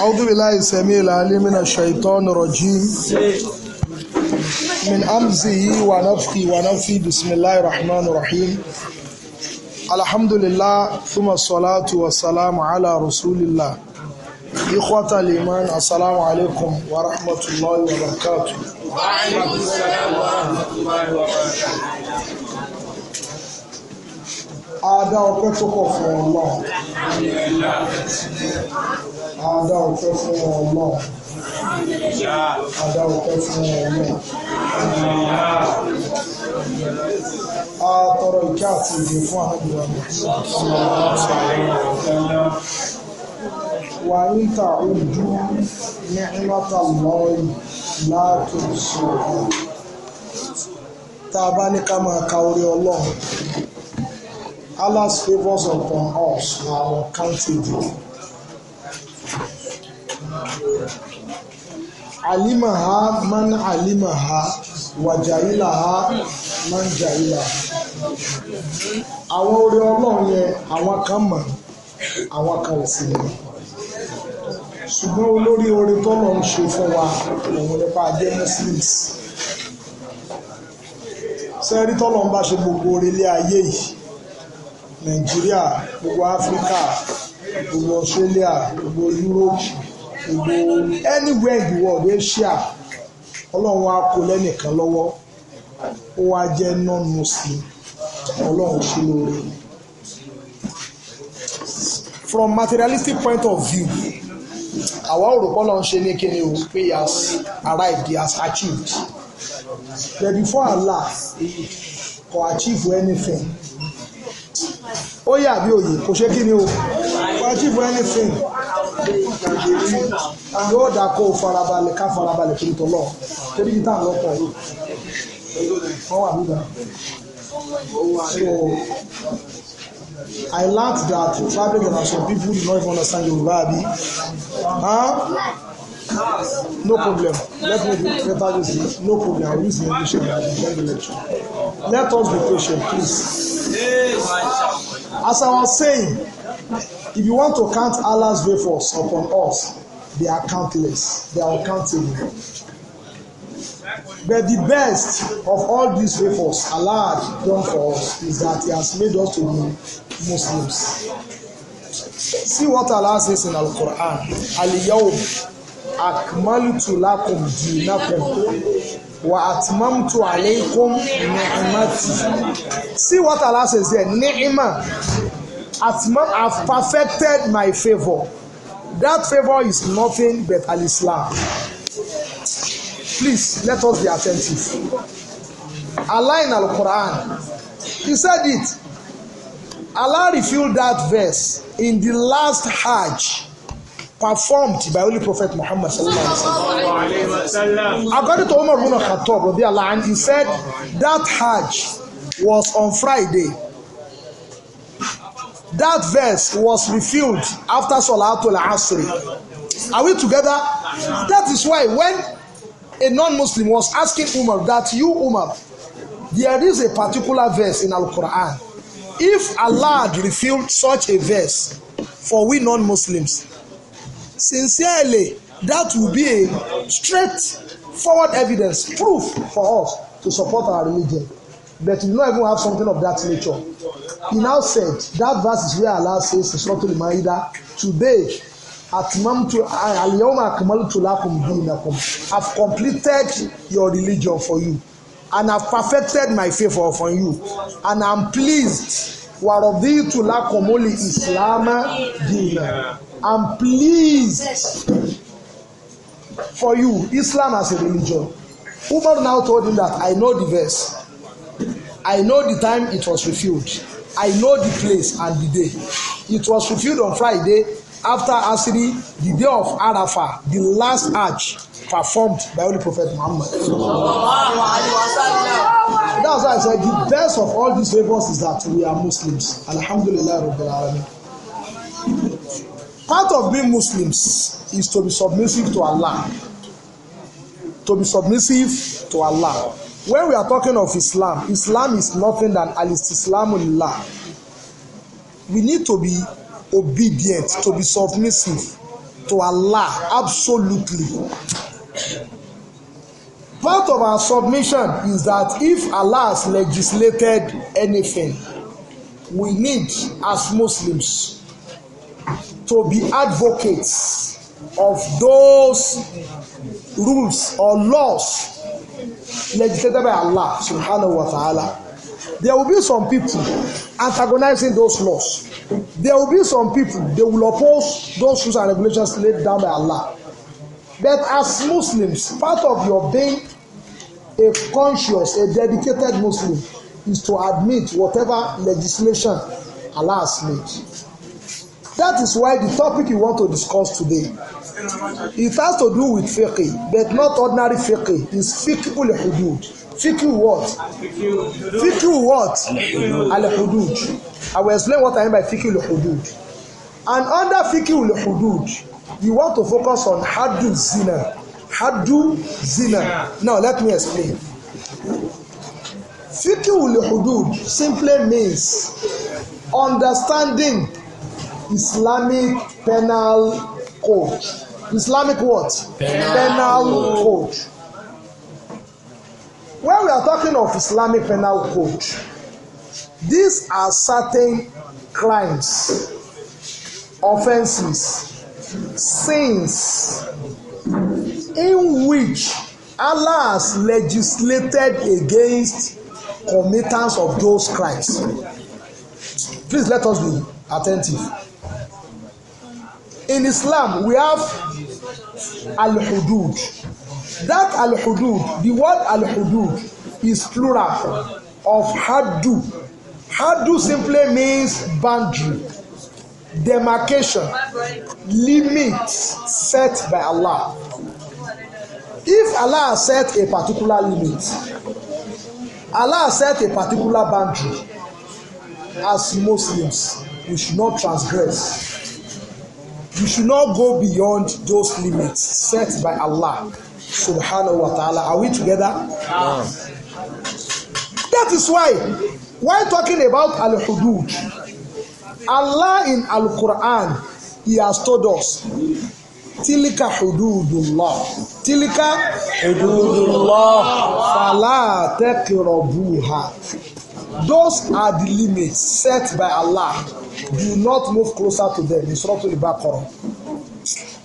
أعوذ بالله السميع العليم من الشيطان الرجيم من أمزه ونفخي ونفخي بسم الله الرحمن الرحيم الحمد لله ثم الصلاة والسلام على رسول الله إخوة الإيمان السلام عليكم ورحمة الله وبركاته وعليكم السلام ورحمة الله وبركاته Adá ọpẹ́ tó pọ̀ fún Ọlọ́run. Adá ọpẹ́ fún Ọlọ́run. Adá ọpẹ́ fún Ọlọ́run. A tọrọ ìkẹ́ àti ìdè ta láti sọ̀rọ̀. Tá a bá ní ká máa ka orí Ọlọ́run. Allah's favors upon us are uncountable. Alimaha man alimaha wàjàyílàha man jàyílàha. Àwọn orí ọlọ́run yẹn àwọn kan mọ̀ àwọn kan ò sì mọ̀. Ṣùgbọ́n olórí orí tọ́lọ̀ ń ṣe fún wa òun nípa ajé Muslims. Sẹ́rí tọ́lọ̀ ń bá ṣe gbogbo orílẹ̀ ayé yìí nàìjíríà gbogbo áfíríkà gbogbo australia gbogbo europe gbogbo anywhere in the world asia ọlọ́run wa kó lẹ́nìkan lọ́wọ́ ó wá jẹ́ non-muslim ọlọ́run ṣe lóore from materialistic point of view àwa ò rò pọ́ lọ́n ṣe ní kíni o pé he has arrived he has achieved but before Allah kò achieve anything ó yà bí òye kò ṣe kí ni o achieve anything yóò dà kó o farabalẹ̀ ká farabalẹ̀ kiri tó lọ torí kí táwọn lọ́pọ̀ yìí wọ́n wà nígbà so I learned that traveling and some people do not even understand Yoruba abi. Huh? No problem. Let me be better this week. No problem. I will use the English and I will the lecture. Let us be patient, please. As I was saying, if you want to count Allah's favors upon us, they are countless. They are countable. But the best of all these favors Allah done for us is that He has made us to be Muslims. See what Allah says in Al Quran. Al-Yawm akmaltu lakum dinakum wa atmamtu alaykum see what Allah says here ni'ma atmam I've perfected my favour that favour is nothing but al-Islam please let us be attentive Allah in Al-Quran he said it Allah revealed that verse in the last Hajj performed by Holy Prophet Muhammad sallallahu alaihi wasallam. According to Umar ibn Khattab, and he said that Hajj was on Friday. That verse was revealed after Salatul Asri. Are we together? That is why when a non-Muslim was asking Umar that you Umar, there is a particular verse in Al-Quran. If Allah had revealed such a verse for we non-Muslims, Sincerely, that will be a straightforward evidence, proof for us to support our religion. But we don't even have something of that nature. He now said, that verse is where Allah says in Surah Al-Ma'idah, today, atmamtu al-yawma akmaltu lakum I've completed your religion for you, and I've perfected my favour for you, and I'm pleased wàrọ̀dí ìtùlákọ̀mọ́lì ìsìlámà dìnnà And please, for you Islam as a religion Umar now told him that I know the verse I know the time it was revealed I know the place and the day it was revealed on Friday after Asri, the day of Arafah, the last Hajj performed by Holy Prophet Muhammad. That's why I said the best of all these favors is that we are Muslims. Alhamdulillah Rabbil Alameen. Part of being Muslims is to be submissive to Allah. To be submissive to Allah. When we are talking of Islam, Islam is nothing than al-Islamu Allah. We need to be obedient, to be submissive to Allah. Absolutely. Part of our submission is that if Allah has legislated anything, we need as Muslims to be advocates of those rules or laws legislated by Allah subhanahu wa ta'ala There will be some people antagonizing those laws. There will be some people, they will oppose those rules and regulations laid down by Allah. But as Muslims, part of your being a conscious, a dedicated Muslim is to admit whatever legislation Allah has made. That is why the topic we want to discuss today it has to do with fiqh, but not ordinary fiqh. It's fiqh ul hudud Fiqhu what? Fiqhu what? al I will explain what I mean by Fiqhu al-Hudud. And under Fiqhu al-Hudud, you want to focus on hadu Zina. Hadu Zina. Now let me explain. Fiqhu al-Hudud simply means understanding Islamic penal code. Islamic what? Penal, penal code when we are talking of Islamic penal code these are certain crimes offences sins in which Allah has legislated against committance of those crimes please let us be attentive in Islam we have al-hudud That al-hudud, the word al-hudud is plural of hadu. Hadu simply means boundary, demarcation, limit set by Allah. If Allah set a particular limit, Allah set a particular boundary. As Muslims, we should not transgress. We should not go beyond those limits set by Allah subhanahu wa ta'ala are we together yeah. that is why why talking about al-hudud Allah in al-Quran he has told us Tilika hududullah Tilika hududullah fala taqrabuha those are the limits set by Allah do not move closer to them in Surah Al-Baqarah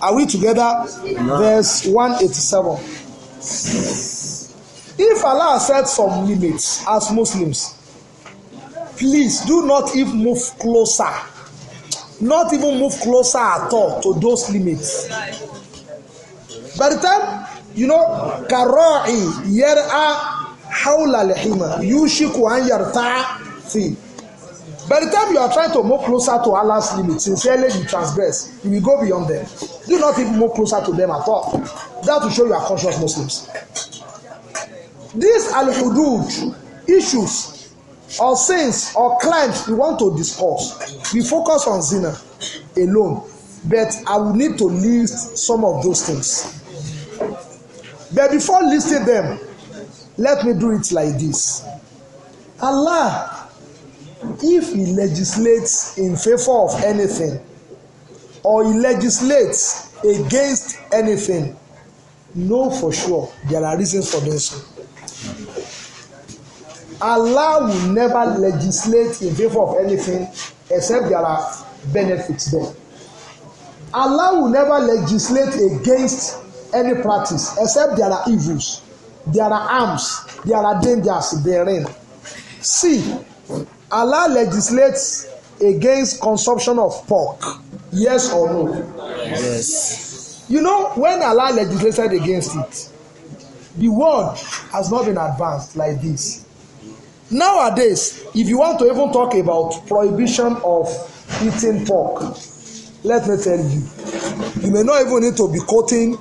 Are we together? No. Verse 187. If Allah sets some limits as Muslims, please do not even move closer. Not even move closer at all to those limits. By the time, you know, Karai Yera Hawla Lehima, Yushiku An Yarta Fi. By the time you are trying to move closer to Allah's limit, sincerely you transgress, you will go beyond them. Do not even move closer to them at all. That will show you are conscious Muslims. These al hudud issues or sins or crimes we want to discuss, we focus on zina alone, but I will need to list some of those things. But before listing them, let me do it like this Allah if he legislates in favour of anything or he legislates against anything know for sure there are reasons for doing so. Allah will never legislate in favour of anything except there are benefits there. Allah will never legislate against any practice except there are evils, there are harms, there are dangers therein. See, Allah legislates against consumption of pork. Yes or no? Yes. You know, when Allah legislated against it, the world has not been advanced like this. Nowadays, if you want to even talk about prohibition of eating pork, let me tell you, you may not even need to be quoting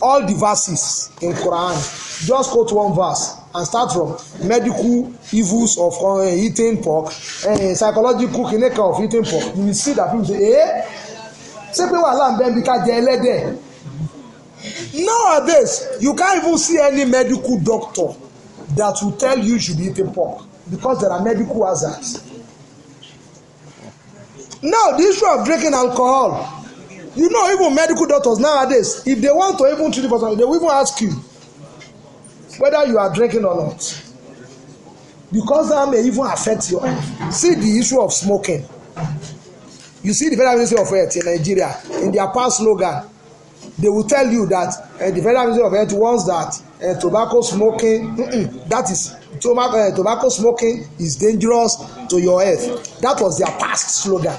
all the verses in Quran. Just quote one verse and start from medical evils of uh, eating pork uh, psychological kìnìkan of eating pork you will see that people say eh ṣé pé wàhálà ń bẹ́ẹ̀ bí ká nowadays you can't even see any medical doctor that will tell you you should be eating pork because there are medical hazards now the issue of drinking alcohol you know even medical doctors nowadays if they want to even treat the person they will even ask you whether you are drinking or not because that may even affect your health see the issue of smoking you see the federal ministry of health in nigeria in their past slogan they will tell you that uh, the federal ministry of health wants that uh, tobacco smoking that is tobacco, uh, eh, tobacco smoking is dangerous to your health that was their past slogan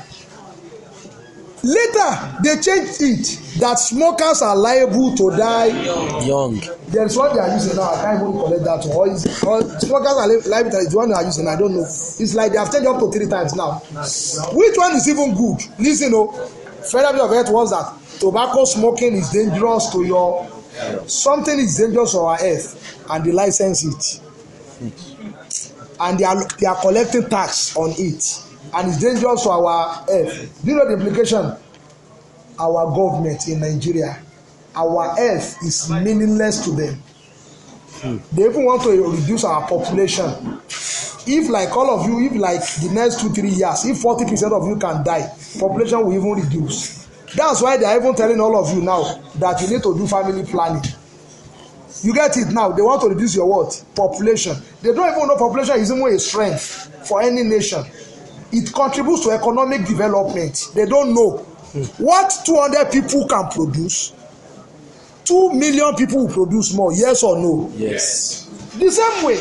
Later, they changed it that smokers are liable to die young. There is what they are using now. I can't even collect that one. Or, is, or smokers are liable to die. The one they are using, I don't know. It's like they have changed up to three times now. Which one is even good? Listen, oh, Federal Bureau of Health was that tobacco smoking is dangerous to your something is dangerous to our health, and they license it, and they are they are collecting tax on it and it's dangerous to our health. Do you know the implication? Our government in Nigeria, our health is meaningless to them. Hmm. They even want to reduce our population. If like all of you, if like the next two three years, if forty percent of you can die, population will even reduce. That's why they are even telling all of you now that you need to do family planning. You get it now. They want to reduce your what population. They don't even know population is even a strength for any nation it contributes to economic development they don't know mm. what 200 people can produce Two million people will produce more yes or no yes the same way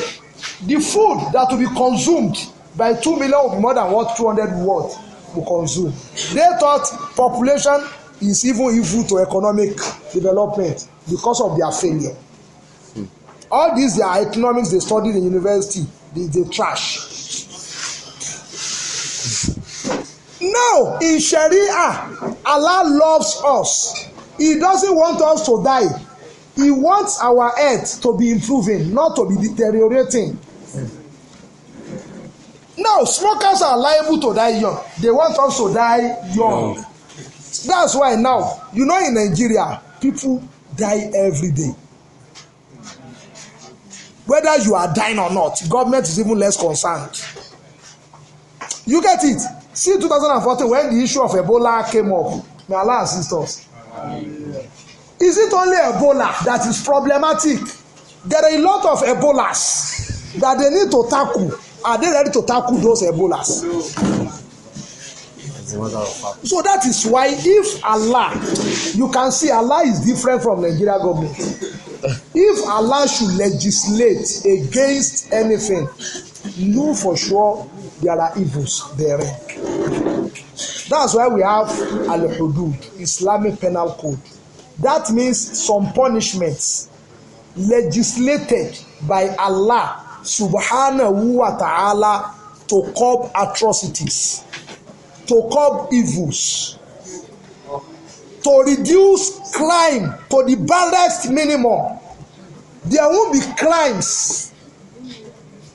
the food that will be consumed by two million will be more than what 200 worth will consume they thought population is even evil to economic development because of their failure mm. all these their economics they studied in university they, they trash No, in Sharia, Allah loves us. He doesn't want us to die. He wants our earth to be improving, not to be deteriorating. Now, smokers are liable to die young. They want us to die young. No. That's why now, you know, in Nigeria, people die every day. Whether you are dying or not, government is even less concerned. You get it? See 2014 when the issue of Ebola came up. May Allah assist us. Is it only Ebola that is problematic? There are a lot of Ebolas that they need to tackle. Are they ready to tackle those Ebolas? So that is why if Allah, you can see Allah is different from Nigeria government. If Allah should legislate against anything, know for sure there are evils there. That's why we have Al-Hudud, Islamic Penal Code. That means some punishments legislated by Allah subhanahu wa ta'ala to curb atrocities, to curb evils, to reduce crime to the barest minimum. There won't be crimes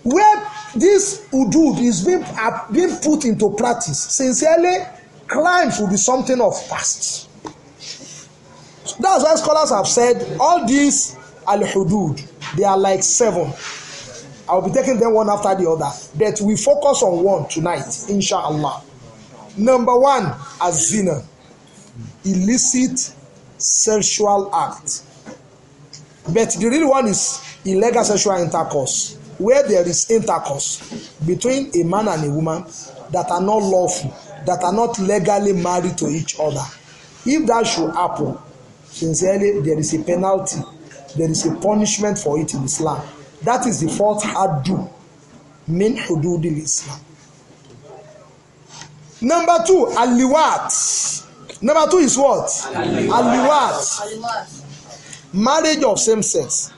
where This hudud is being, uh, being put into practice. Sincerely, crimes will be something of past. So that's why scholars have said all these al-hudud, they are like seven. I will be taking them one after the other. But we focus on one tonight, inshallah. Number one, azina, illicit sexual act. But the real one is illegal sexual intercourse where there is intercourse between a man and a woman that are not lawful, that are not legally married to each other. If that should happen, sincerely, there is a penalty, there is a punishment for it in Islam. That is the fourth main hudud in Islam. Number two, aliwat. Number two is what? Aliwat. Marriage of same sex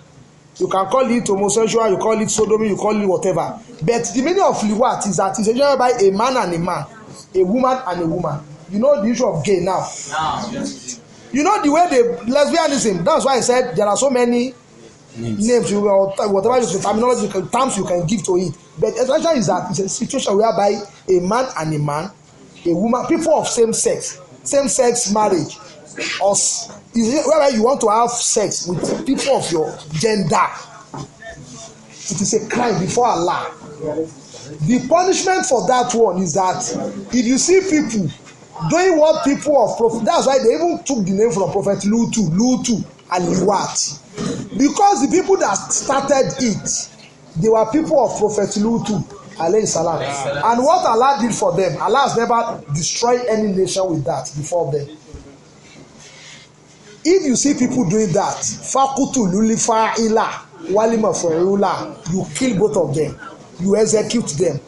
you can call it homosexual you call it sodomy you call it whatever but the meaning of liwat is that it's a general by a man and a man a woman and a woman you know the issue of gay now Now, you know the way the lesbianism that's why i said there are so many names, names you, or whatever you, terminology terms you can give to it but essentially is that it's a situation whereby a man and a man a woman people of same sex same sex marriage of whether you want to have sex with people of your gender it is a crime before Allah the punishment for that one is that if you see people doing what people of prophet that's why they even took the name from prophet lutu lutu aliwat because the people that started it they were people of prophet lutu alayhi salam and what allah did for them allah has never destroyed any nation with that before them if you see people doing that fakutu lulifa ila walima ferula you kill both of them you execute them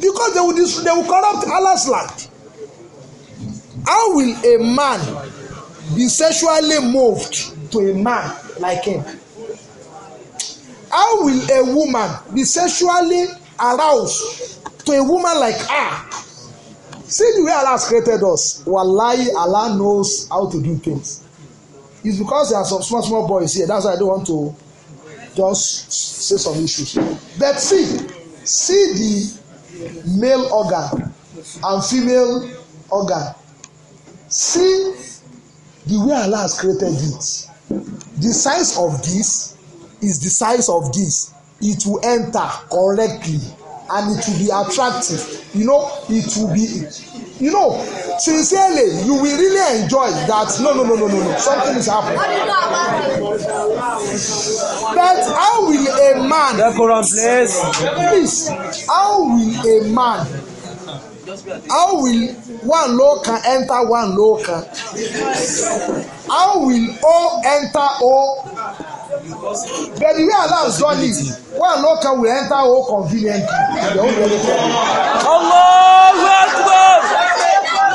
because they will they will corrupt Allah's land how will a man be sexually moved to a man like him how will a woman be sexually aroused to a woman like her See the way Allah has created us. Wallahi, Allah knows how to do things. It's because there are some small, small boys here. That's why I don't want to just say some issues. But see, see the male organ and female organ. See the way Allah has created it. The size of this is the size of this. It will enter correctly and it will be attractive you know it will be you know sincerely you will really enjoy that no no no no no no something is happening but how will a man Decorum, please. please how will a man how will one low can enter one low can how will all enter all? But the way Allah has done it, one local will enter all conveniently. Allahu Akbar!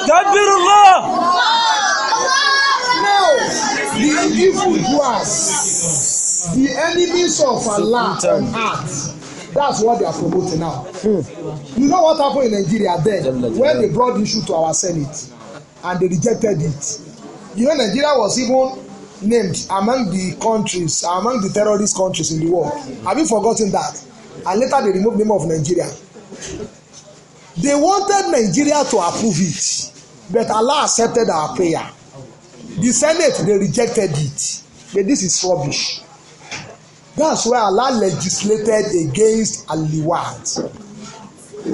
Takbirullah! Now, the evil doers, the enemies of Allah on earth, that's what they are promoting now. Mm. You know what happened in Nigeria then when they brought the issue to our Senate and they rejected it. You know Nigeria was even named among the countries among the terrorist countries in the world have you forgotten that and later they removed the name of nigeria they wanted nigeria to approve it but allah accepted our prayer the senate they rejected it but this is rubbish that's why allah legislated against aliwat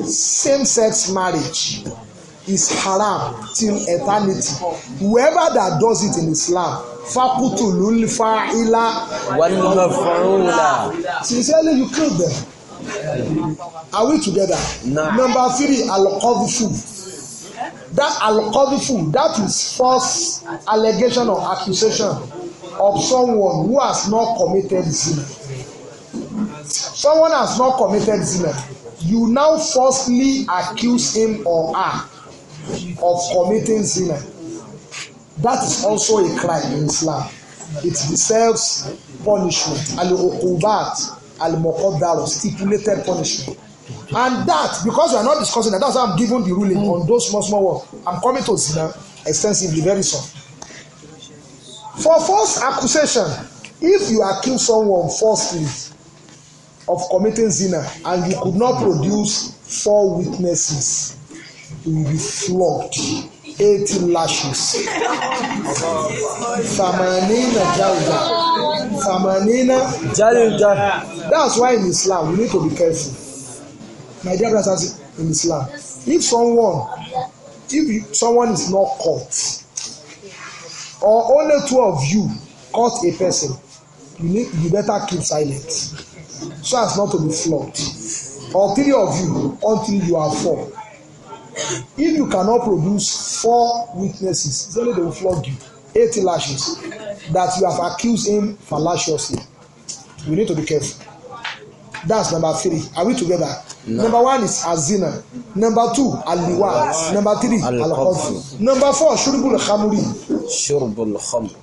same-sex marriage is haram till eternity whoever that does it in Islam fakutulu fa'ila walinafaula sincerely you kill them are we together no. number three alkovifu that alkovifu that is false allegation or accusation of someone who has not committed sin someone has not committed sin you now falsely accuse him or her of committing zina that is also a crime in Islam it deserves punishment al-uqubat al-muqaddarah stipulated punishment and that because we are not discussing that that's why i'm giving the ruling mm. on those small small work i'm coming to zina extensively very soon for false accusation if you accuse someone falsely of committing zina and you could not produce four witnesses you will be flogged eighty lashes samanina jalja samanina jalja that's why in Islam we need to be careful my dear brothers in Islam if someone if someone is not caught or only two of you caught a person you need you better keep silent so as not to be flogged or three of you until you are four if you cannot produce four witnesses it's only they will flog you eight lashes that you have accused him fallaciously we need to be careful that's number three are we together no. number one is azina number two aliwa number three alakofu number four shurubul khamri shurubul khamri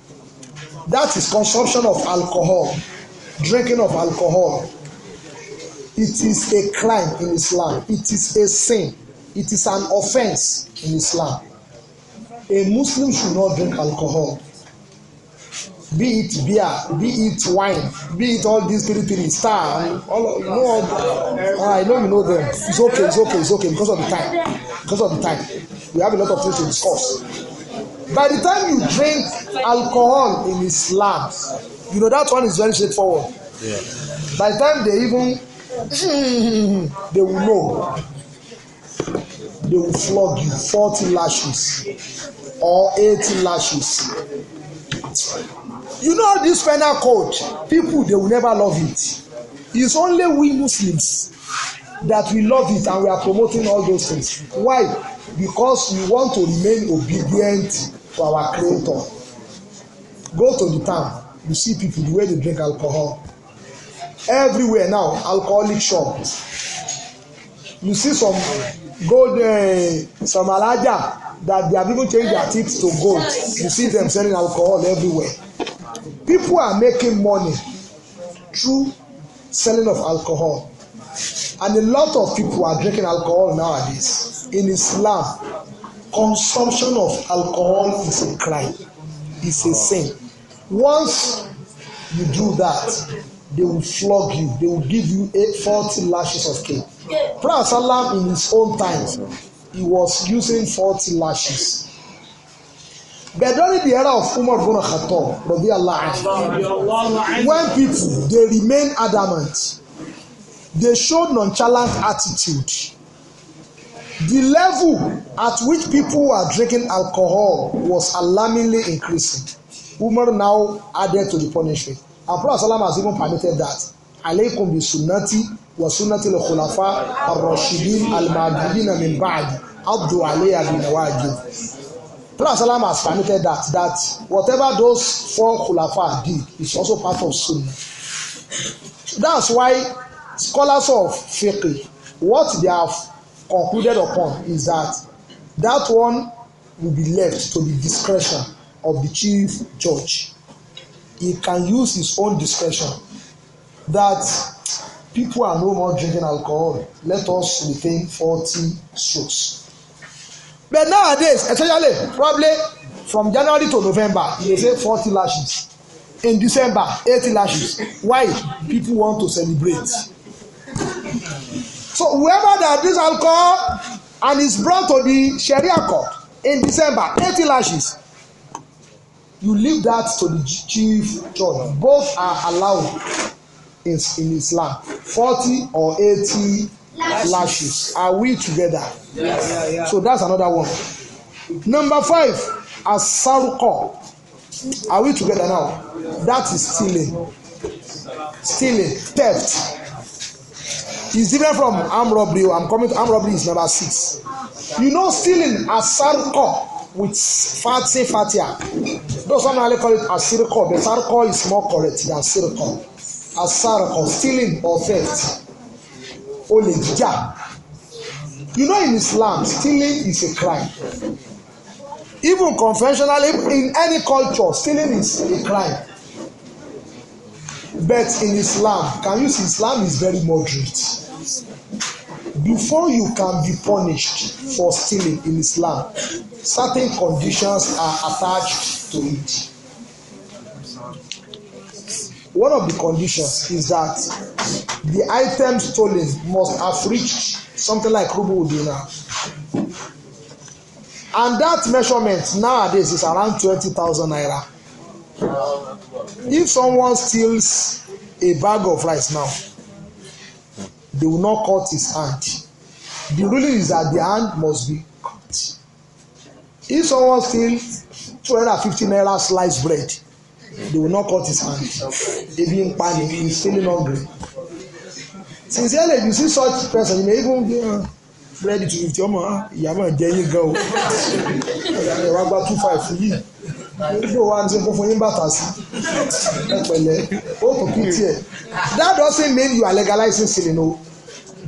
that is consumption of alcohol drinking of alcohol it is a crime in Islam it is a sin It is an offense in Islam. A Muslim should not drink alcohol. Be it beer, be it wine, be it all these three three star, all you know. All, ah, I know you know them. It's okay, it's okay, it's okay because of the time. Because of the time, we have a lot of things to discuss. By the time you drink alcohol in Islam, you know that one is very straightforward. Yeah. By the time they even they will know they will flog you forty lashes or eighty lashes you know this final code people they will never love it it's only we muslims that we love it and we are promoting all those things why because we want to remain obedient to our creator go to the town you see people the way they drink alcohol everywhere now alcoholic shops. you see some gold uh, some alaja that they have even changed their tips to gold you see them selling alcohol everywhere people are making money through selling of alcohol and a lot of people are drinking alcohol nowadays in Islam consumption of alcohol is a crime it's a sin once you do that they will flog you they will give you eight forty lashes of cane Prophet Salam in his own times, he was using 40 lashes. But during the era of Umar ibn Khattab, when people they remain adamant, they showed nonchalant attitude. The level at which people were drinking alcohol was alarmingly increasing. Umar now added to the punishment. And Prophet Salam has even permitted that aleikum bi sunnati wa sunnati lil khulafa ar-rashidin al-mahdiyina min ba'di abdu alayya bin nawajib Prophet Salam has permitted that that whatever those four khulafa did is also part of sunnah. That's why scholars of fiqh what they have concluded upon is that that one will be left to the discretion of the chief judge. He can use his own discretion that people are no more drinking alcohol let us retain forty strokes but nowadays especially probably from January to November they say forty lashes in December eighty lashes why people want to celebrate so whoever that drinks alcohol and is brought to the Sharia court in December eighty lashes you leave that to the chief judge both are allowed in, in Islam forty or eighty lashes. lashes are we together yes. yeah, yeah, yeah. so that's another one number five asaruko are we together now that is stealing stealing theft is different from arm robbery i'm coming to arm robbery is number six you know stealing asaruko with fatty fatia those one only call it asiriko but sarko is more correct than siriko asarqo stealing or theft olè jíjà you know in Islam stealing is a crime even conventionally in any culture stealing is a crime but in Islam can you see Islam is very moderate before you can be punished for stealing in Islam certain conditions are attached to it One of the conditions is that the item stolen must have reached something like ruble dinar. And that measurement nowadays is around twenty thousand naira. If someone steals a bag of rice now, they will not cut his hand. The ruling is that the hand must be cut. If someone steals two hundred fifty naira sliced bread, they will not cut his hand ebi ń pa ni he is feeling hungry sincerely you see such person you may even give am uh, bread to fifty ọmọ ah, ìyá máa jẹ yín gan o ẹ wá gba two five fún You gbogbo wa ti kún fún yín bàtà sí ẹ pẹ̀lẹ́ ó kò kú tiẹ̀ that doesn't mean you are legalizing sinning o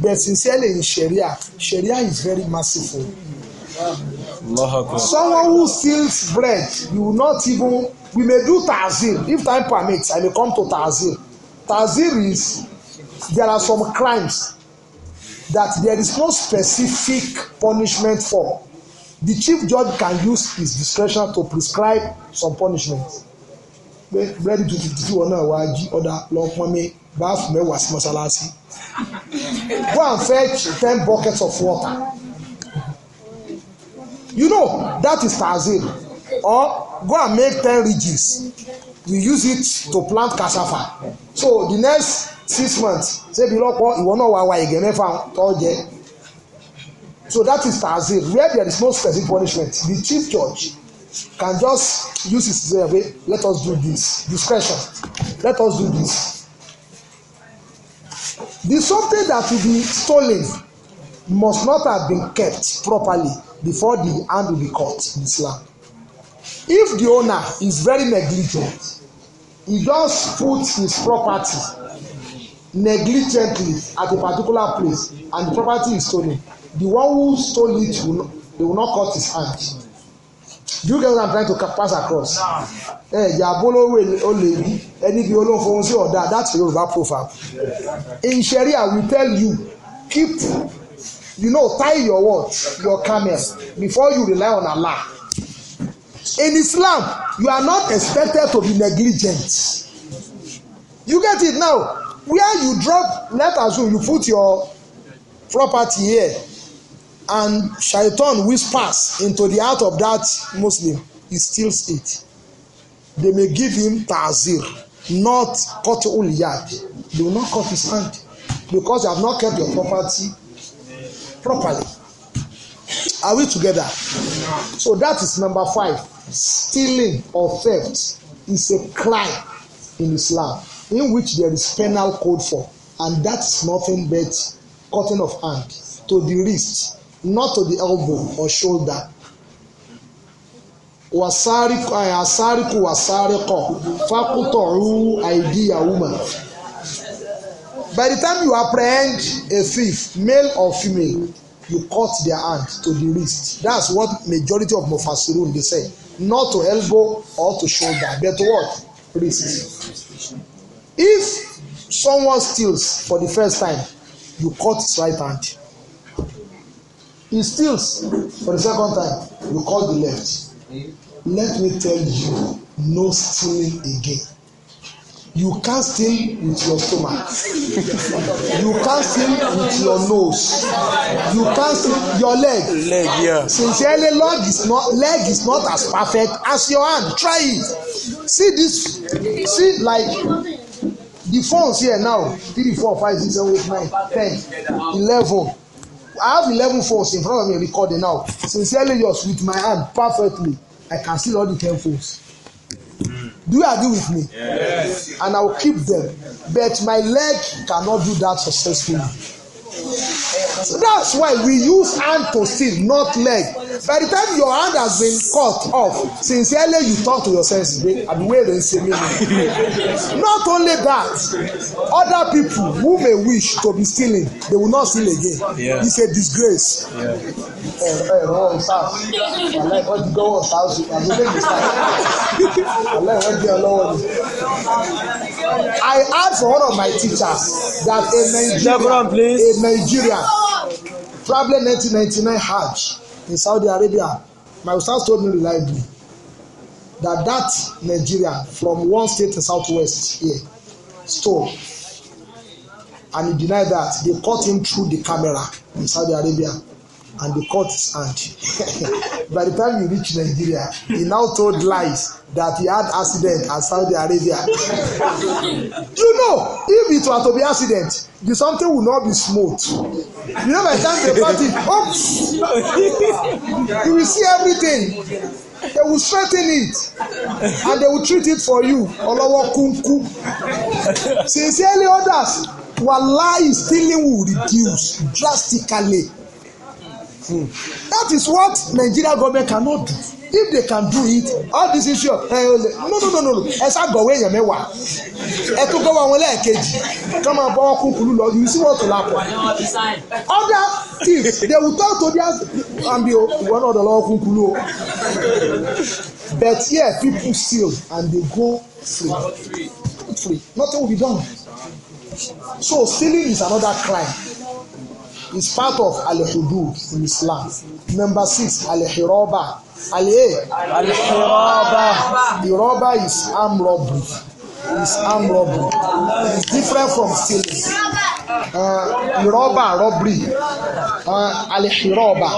but sincerely in sharia sharia is very merciful someone who steals bread you will not even we may do tazir if time permits i may come to tazir tazir is there are some crimes that there is no specific punishment for the chief judge can use his discretion to prescribe some punishment pé bírèdì tuntun títí wọn náà ọ̀dà lọ pọn mi mẹ́wàá sí mọ́ṣáláṣí go and fetch ten buckets of water You know, that is tazim. Or go and make ten ridges. We use it to plant cassava. So the next six months, say below, ìwọ náà wà wá ẹ̀gẹ́ mẹ́fà tó jẹ. So that is tazim. Where there is no specific punishment, the chief judge can just use his say, okay, let us do this. Discretion. Let us do this. There's something that will be stolen must not have been kept properly before the hand will be cut in Islam. If the owner is very negligent, he just puts his property negligently at a particular place and the property is stolen, the one who stole it will not, they will not cut his hand. Do you get what I'm trying to pass across? Ẹ jẹ́ abólówó olè bí ẹni bí olófowó sí ọ̀dà that's Yoruba proverb. In Sharia we tell you keep You know, tie your what? Your camel before you rely on Allah. In Islam, you are not expected to be negligent. You get it now? Where you drop, let assume you put your property here and shaitan whispers into the heart of that Muslim, he steals it. They may give him ta'zir, not cut ul yad. They will not cut his hand because you have not kept your property properly. Are we together? So that is number five. Stealing or theft is a crime in Islam in which there is penal code for, and that's nothing but cutting of hand to the wrist, not to the elbow or shoulder. Wasariku eh, wasariku fakutọ̀rù àìdíyàwó mọ̀ by the time you apprehend a thief male or female you cut their hand to the wrist that's what majority of mufasirun dey say not to elbow or to shoulder but what wrist if someone steals for the first time you cut his right hand he steals for the second time you cut the left let me tell you no stealing again you can still with your stomach you can still with your nose you can still your leg leg yeah sincerely leg is not leg is not as perfect as your hand try it see this see like the phones here now three four five six seven eight nine ten eleven i have eleven phones in front of me recording now sincerely yours with my hand perfectly i can see all the ten phones. Mm. Do you agree with me? Yes. And I will keep them. But my leg cannot do that successfully. So that's why we use hand to steal, not leg. By the time your hand has been cut off, sincerely you talk to yourself, I'm wearing same Not only that, other people who may wish to be stealing, they will not steal again. Yeah. It's a disgrace. Yeah. Eh, eh, I asked for one of my teachers that a Nigerian, please. a Nigerian, traveling 1999 Hajj in Saudi Arabia, my ustaz told me reliably that that Nigerian from one state in southwest here stole and he denied that they caught him through the camera in Saudi Arabia and they cut his hand. By the time he reached Nigeria, he now told lies that he had accident at Saudi Arabia. you know, if it were to be accident, the something would not be smooth. You know, my time the party, oops, you will see everything. They will straighten it and they will treat it for you. Olowo kunku. Sincerely, others, lies stealing will reduce drastically. Hmm. That is what Nigeria government cannot do. If they can do it, all this issue of ẹ eh, ẹ no no no no ẹ ṣàgọ̀wé èèyàn mẹ́wàá ẹ tó gbọ́wọ́ àwọn lẹ́ẹ̀kejì kọ́ máa bọ́ ọkùn kùlú lọ yìí sí wọ́n tó lápọ̀. Other thieves they will talk to their and be oh, ìwọ náà dọ̀lọ́ ọkùn kùlú o. Oh. But here yeah, people steal and they go free. Free. Nothing will be done. So stealing is another crime is part of al-hudud in Islam. Number six, al-hiraba. Al-e? Al-hiraba. Hiraba is armed robbery. Is armed robbery. It's different from stealing. Uh, hiraba, robbery. Uh, al-hiraba.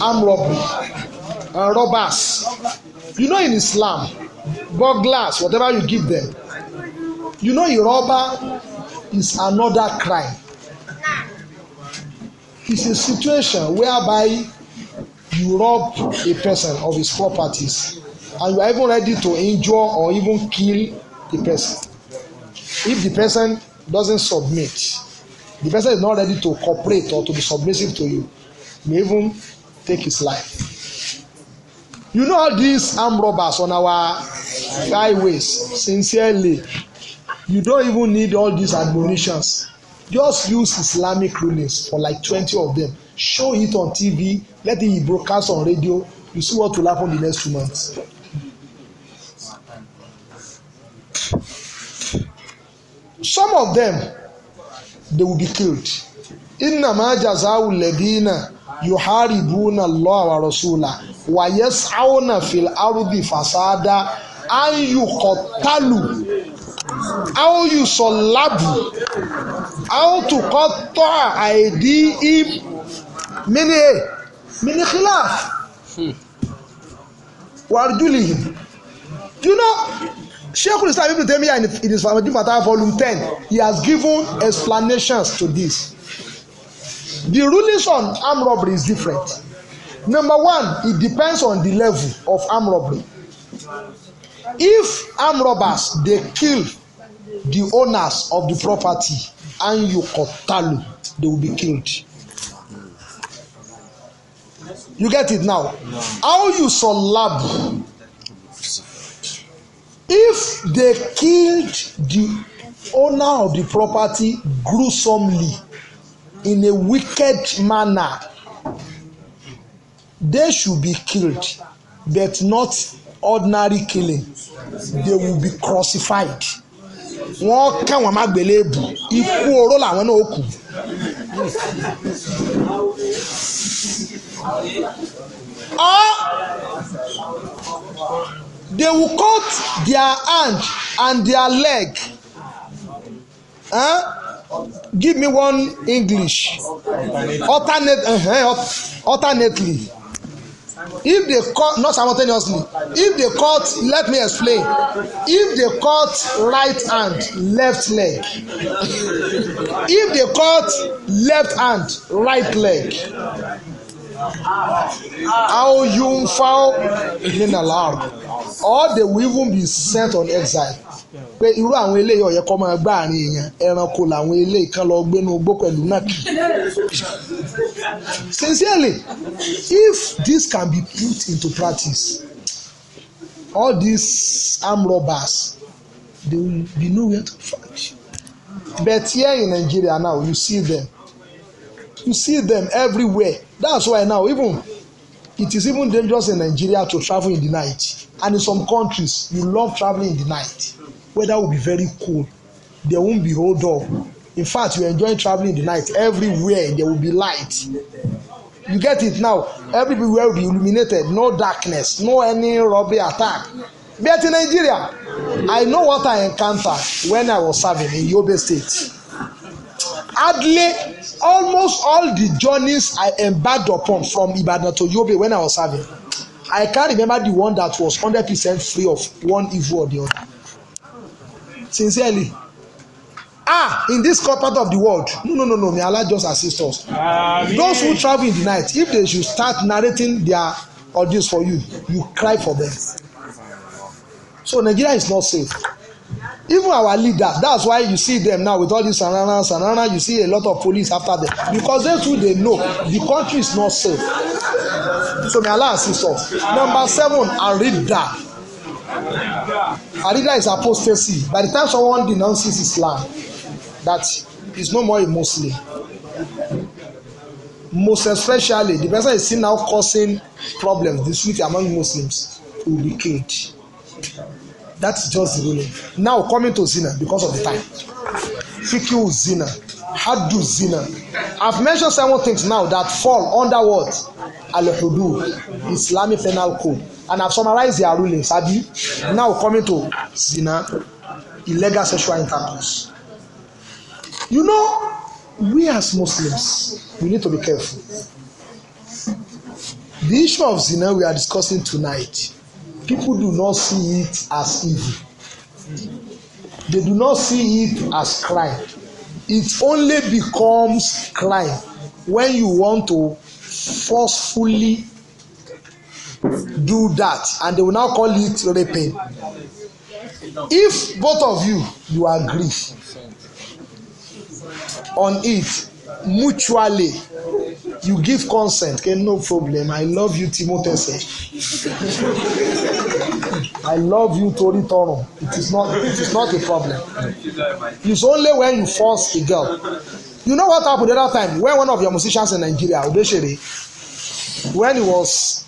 Armed robbery. Uh, robbers. You know in Islam, burglars, whatever you give them, you know hiraba is another crime It's a situation whereby you rob a person of his properties and you are even ready to injure or even kill the person. If the person doesn't submit, the person is not ready to cooperate or to be submissive to you, may even take his life. You know all these armed robbers on our highways, sincerely, you don't even need all these admonitions just use Islamic rulings for like twenty of them show it on TV let it be broadcast on radio you see what will happen the next two months. Some of them they will be killed. Inna إنما جزاء الذين يحاربون الله ورسوله ويسعون fil الأرض fasada أن يقتلوا أو يصلبوا how to cut tọ́ àìdí im mini mini khilaf warjuli do you know sheikh islam ibn taymiyyah in, in his family matter volume ten he has given explanations to this the rulings on arm robbery is different number one it depends on the level of arm robbery if arm robbers dey kill the owners of the property And you yuqtalu they will be killed you get it now how you solab if they killed the owner of the property gruesomely in a wicked manner they should be killed but not ordinary killing they will be crucified wọ́n kẹ́wọ̀n má gbélé bù ikú oró làwọn náà kù. Or they will cut their hand and their leg. Huh? Give me one English alternate, uh -huh, alternately if they cut not simultaneously if they cut let me explain if they cut right hand left leg if they cut left hand right leg how you found in the or they will even be sent on exile pé irú àwọn eléyìí ọ̀yẹ́ kọ́ máa gbá àárín èèyàn ẹranko làwọn eléyìí kan lọ gbénu gbó pẹ̀lú náà kì sincerely if this can be put into practice all these armed robbers they will be nowhere to find but here in Nigeria now you see them you see them everywhere that's why now even it is even dangerous in Nigeria to travel in the night and in some countries you love traveling in the night weather will be very cool there won't be hold up in fact you enjoy traveling the night everywhere there will be light you get it now everywhere will be illuminated no darkness no any robbery attack but in nigeria i know what i encounter when i was serving in yobe state hardly almost all the journeys i embarked upon from ibadan to yobe when i was serving i can't remember the one that was hundred percent free of one evil or the other sincerely ah in this part of the world no no no no may allah just assist us Amen. those who travel in the night if they should start narrating their audios for you you cry for them so nigeria is not safe even our leaders that's why you see them now with all this sanana sanana you see a lot of police after them because they too dey know the country is not safe so may allah assist us number seven arida Arida is apostasy. By the time someone denounces Islam, that is no more a Muslim. Most especially, the person is seen now causing problems, dispute among Muslims, will be killed. That's just the ruling. Now coming to zina because of the time. Fikiu zina, hadu zina. I've mentioned several things now that fall under what? Al-Hudud, Islamic penal code and I've summarized their rulings abi now coming to zina illegal sexual intercourse you know we as Muslims we need to be careful the issue of zina we are discussing tonight people do not see it as evil they do not see it as crime it only becomes crime when you want to forcefully do that and they will now call it raping if both of you you agree on it mutually you give consent okay no problem i love you timothy i love you tori toro it is not it is not a problem it's only when you force a girl you know what happened the other time when one of your musicians in nigeria odesere when he was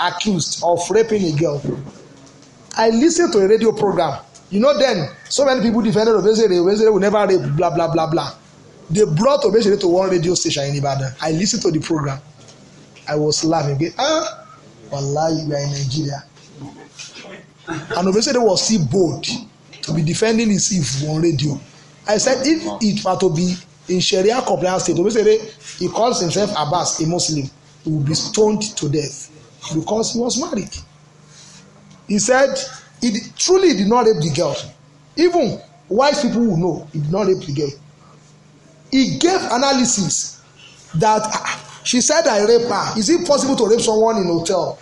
accused of raping a girl. I listened to a radio program. You know, then so many people defended Obesere. Obesere will never rape, blah, blah, blah, blah. They brought Obesere to one radio station in Ibadan. I listened to the program. I was laughing. Ah, Wallahi, we are in Nigeria. And Obesere was still bold to be defending his if on radio. I said, if it were to be in Sharia compliance state, Obesere, he calls himself Abbas, a Muslim, he will be stoned to death because he was married he said he truly did not rape the girl even wise people will know he did not rape the girl he gave analysis that ah, she said i rape her is it possible to rape someone in hotel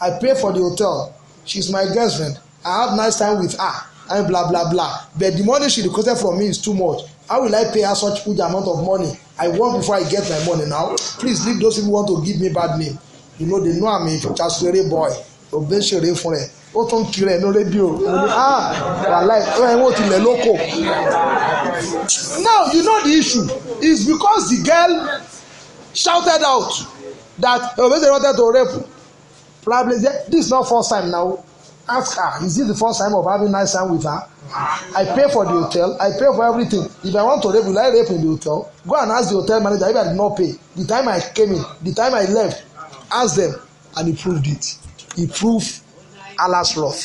i pay for the hotel she's my girlfriend i have nice time with her and blah blah blah but the money she requested from me is too much how will i pay her such huge amount of money i want before i get my money now please leave those people who want to give me bad name you know the know am in future boy òbí sere fún rẹ ó tún kiri ẹnu rédíò mo ní ah wàláì ẹ̀wọ̀n tilẹ̀ lóko now you know the issue is because the girl shouted out that obesere wanted to rape probably this is not first time now ask her is this the first time of having nice time with her i pay for the hotel i pay for everything if i want to rape will i rape in the hotel go and ask the hotel manager if i did not pay the time i came in the time i left ask them and he proved it he proved Allah's love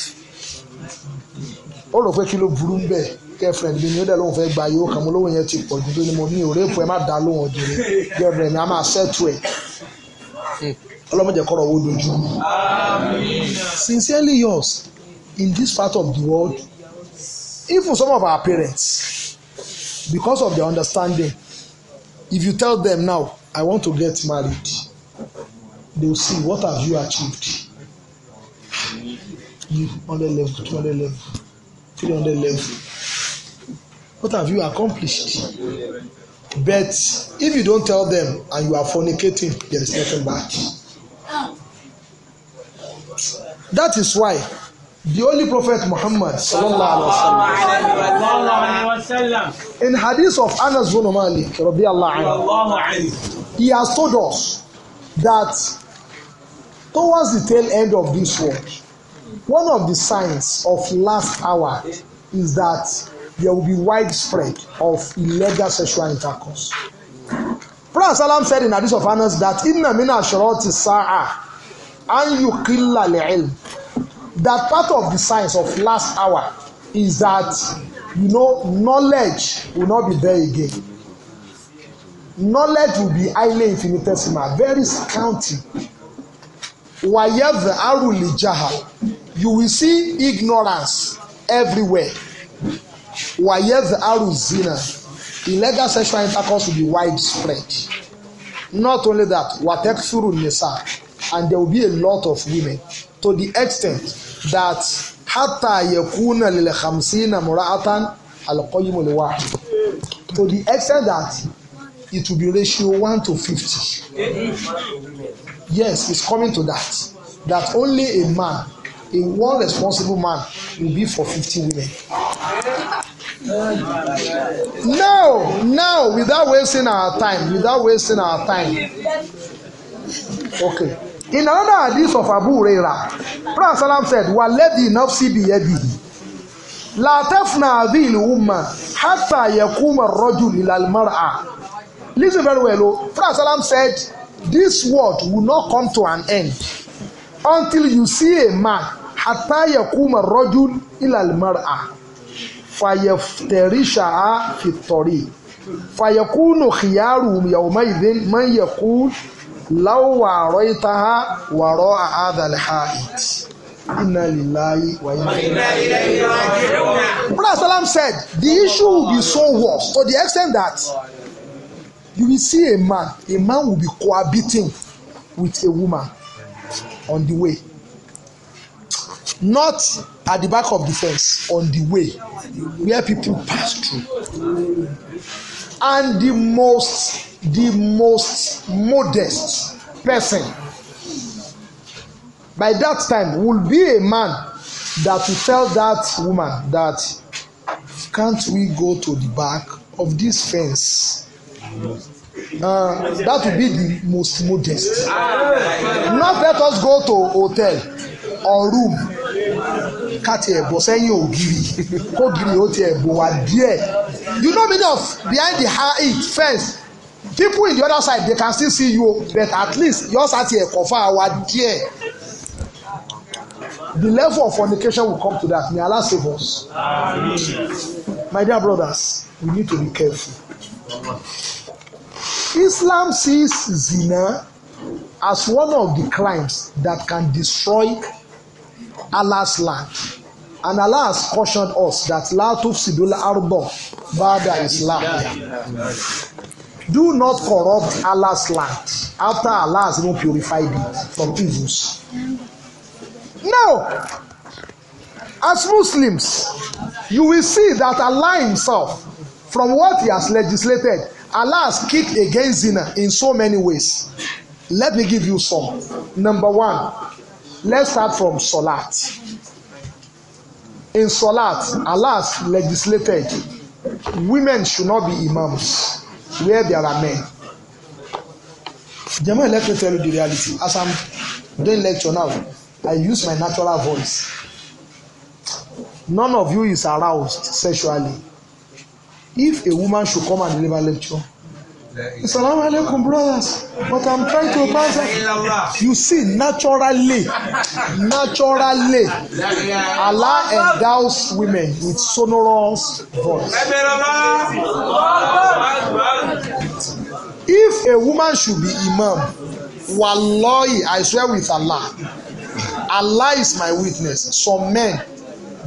ó rò pé kí ló burú ń girlfriend mi ni ó dẹ̀ lóun fẹ́ gba yóò kàn mọ́ lóun yẹn ti pọ̀ ju tó ni mo ní òrèpù ẹ má dá lóun ọ̀dẹ̀rẹ̀ girlfriend mi a máa ṣẹ́tù ẹ̀ ọlọ́mọdé kọ́rọ̀ owó dojú. sincerely yours in this part of the world even some of our parents because of their understanding if you tell them now I want to get married they will see what have you achieved you hundred level two hundred level three hundred level what have you accomplished but if you don't tell them and you are fornicating there is nothing bad that is why the Holy prophet muhammad sallallahu alaihi wasallam in hadith of anas bin malik radiyallahu anhu he has told us that Towards the tail end of this world, one of the signs of last hour is that there will be widespread of illegal sexual intercourse. Prophet Salam said in Hadith of Anas that Inna mina sharati sa'a an yukilla li'ilm. That part of the signs of last hour is that, you know, knowledge will not be there again. Knowledge will be highly infinitesimal, very scanty wayev arulijaha you will see ignorance everywhere wayev aruzina illegal sexual intercourse will be widespread not only that watekfuru nisa and there will be a lot of women to the extent that hata yekuna lil khamsina mura'atan alqayyim alwahid to the extent that it will be ratio one to fifty yes it's coming to that that only a man a one responsible man will be for fifty women No, no, without wasting our time without wasting our time okay in another hadith of abu huraira prophet salam said waledi nafsi biyedihi la tafna hadhihi al-umma hatta yakuma ar-rajul ila al listen very well o oh. prophet salam said this world will not come to an end until you see a man hatta yakuma rojul ilal mar'a fayefterisha fi tori fayekunu khiyaru yawma man yakul law wa wara'a hadha al-ha'it inna lillahi wa inna ilayhi raji'un Prophet said the issue will be so worse to the extent that you will see a man a man will be cohabiting with a woman on the way not at the back of the fence on the way where people pass through and the most the most modest person by that time will be a man that will tell that woman that can't we go to the back of this fence Uh, that will be the most modest. Not let us go to hotel or room ká tiẹ̀ bọ́ sẹ́yìn ògiri kó giri ó tiẹ̀ bọ̀ You know meaning of behind the high height fence people in the other side they can still see you but at least yours àti ẹ̀kọ́ fún àwa díẹ̀. The level of fornication will come to that. May Allah save us. My dear brothers, we need to be careful. Islam sees zina as one of the crimes that can destroy Allah's land. And Allah has cautioned us that La tufsidul ardo ba'da Islam. Do not corrupt Allah's land after Allah has even purified it from evils. Now, as Muslims, you will see that Allah Himself, from what He has legislated, Allah has kicked against zina in so many ways. Let me give you some. Number one, let's start from Salat. In Salat, Allah has legislated women should not be imams where there are men. Jemaah, let me tell you the reality. As I'm doing lecture now, I use my natural voice. None of you is aroused sexually if a woman should come and deliver lecture Salaam alaikum brothers but I'm trying to pass that you see naturally naturally Allah endows women with sonorous voice if a woman should be imam wallahi I swear with Allah Allah is my witness some men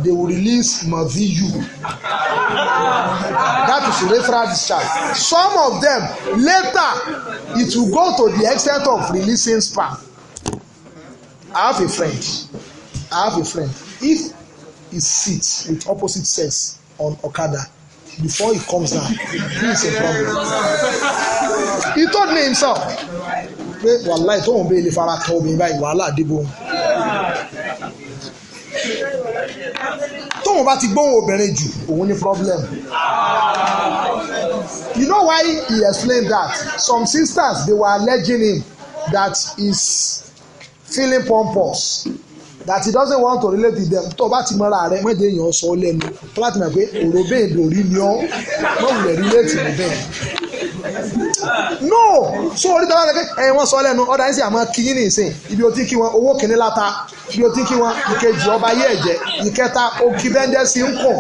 they will release Maviyu. that is referral discharge. Some of them later it will go to the extent of releasing spam. I have a friend. I have a friend. If he sits with opposite sex on Okada before he comes down, he is a problem. He told me himself pé wàhálà ìtòhùn bẹ́ẹ̀ lè fara tọ́ obìnrin báyìí wàhálà àdébò tóun bá ti gbóhùn obìnrin jù òun ní problem. You know why he explained that? Some sisters they were alleging him that he's feeling pompous that he doesn't want to relate with them tó o bá ti mọ́ra rẹ mọ́jẹ́ èèyàn sọ ọ́ lẹ́nu tó bá pé òrò bẹ́ẹ̀ lórí ni ọ́ mọ́ wùlẹ̀ relate with them. no so orí tọ́lá rẹ pé ẹ̀yin wọ́n sọ lẹ́nu ọ̀dà ẹ̀sìn àmọ́ kí yín nìsín ibi o ti kí wọn owó kìíní láta bí o ti kí wọn ìkejì ọba yé ẹ̀jẹ̀ ìkẹta òkì bẹ́ńdẹ́ sí ń kùn.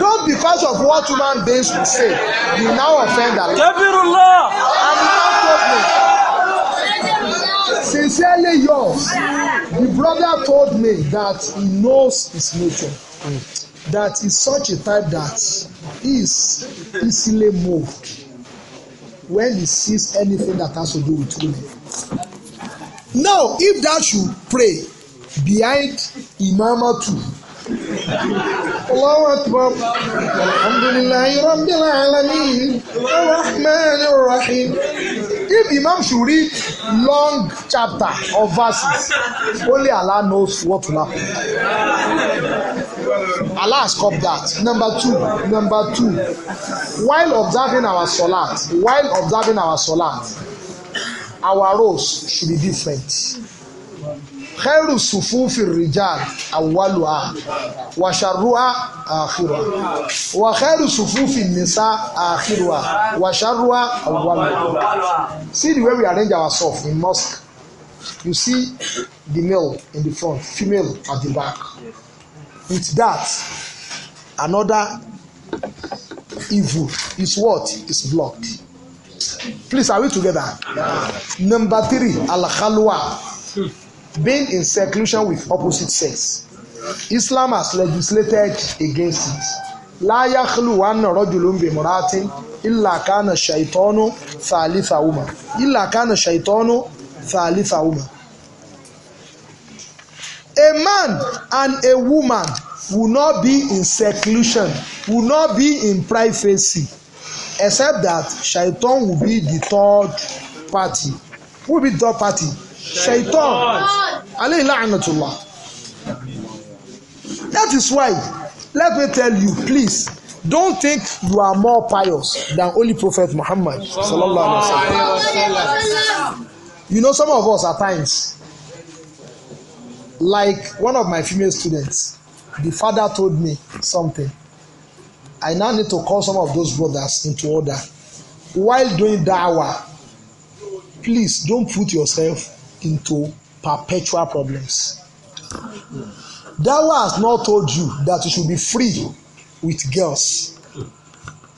don't because of what human beings will say you now offend Allah. kẹfìrú lọ. i'm not talking. sincerely yours the brother told me that he knows his nature. That is such a type that is easily moved when he sees anything that has to do with women now if that should pray behind imamatu الله أكبر الحمد لله رب العالمين الرحمن الرحيم if imam should read long chapter or verses only Allah knows what will happen Allah has stopped that number two number two while observing our salat while observing our salat our roles should be different. خير الصفوف الرجال أولها وشرها آخرها وخير صفوف النساء آخرها وشرها أولها See the way we arrange ourselves in mosque. You see the male in the front, female at the back. With that, another evil is what is blocked. Please, are we together? Yeah. Number three, al khalwa, being in seclusion with opposite sex. Islam has legislated against it. La yakhlu anna rajulun bi muratin illa kana shaytanu thalithahuma. Illa kana shaytanu thalithahuma. A man and a woman will not be in seclusion, will not be in privacy except that shaitan will be the third party who will be the third party shaitan, shaitan. alayhi la'anatullah that is why let me tell you please don't think you are more pious than only prophet muhammad sallallahu alaihi wasallam you know some of us at times like one of my female students the father told me something I now need to call some of those brothers into order. While doing da'wah, please don't put yourself into perpetual problems. Da'wah has not told you that you should be free with girls.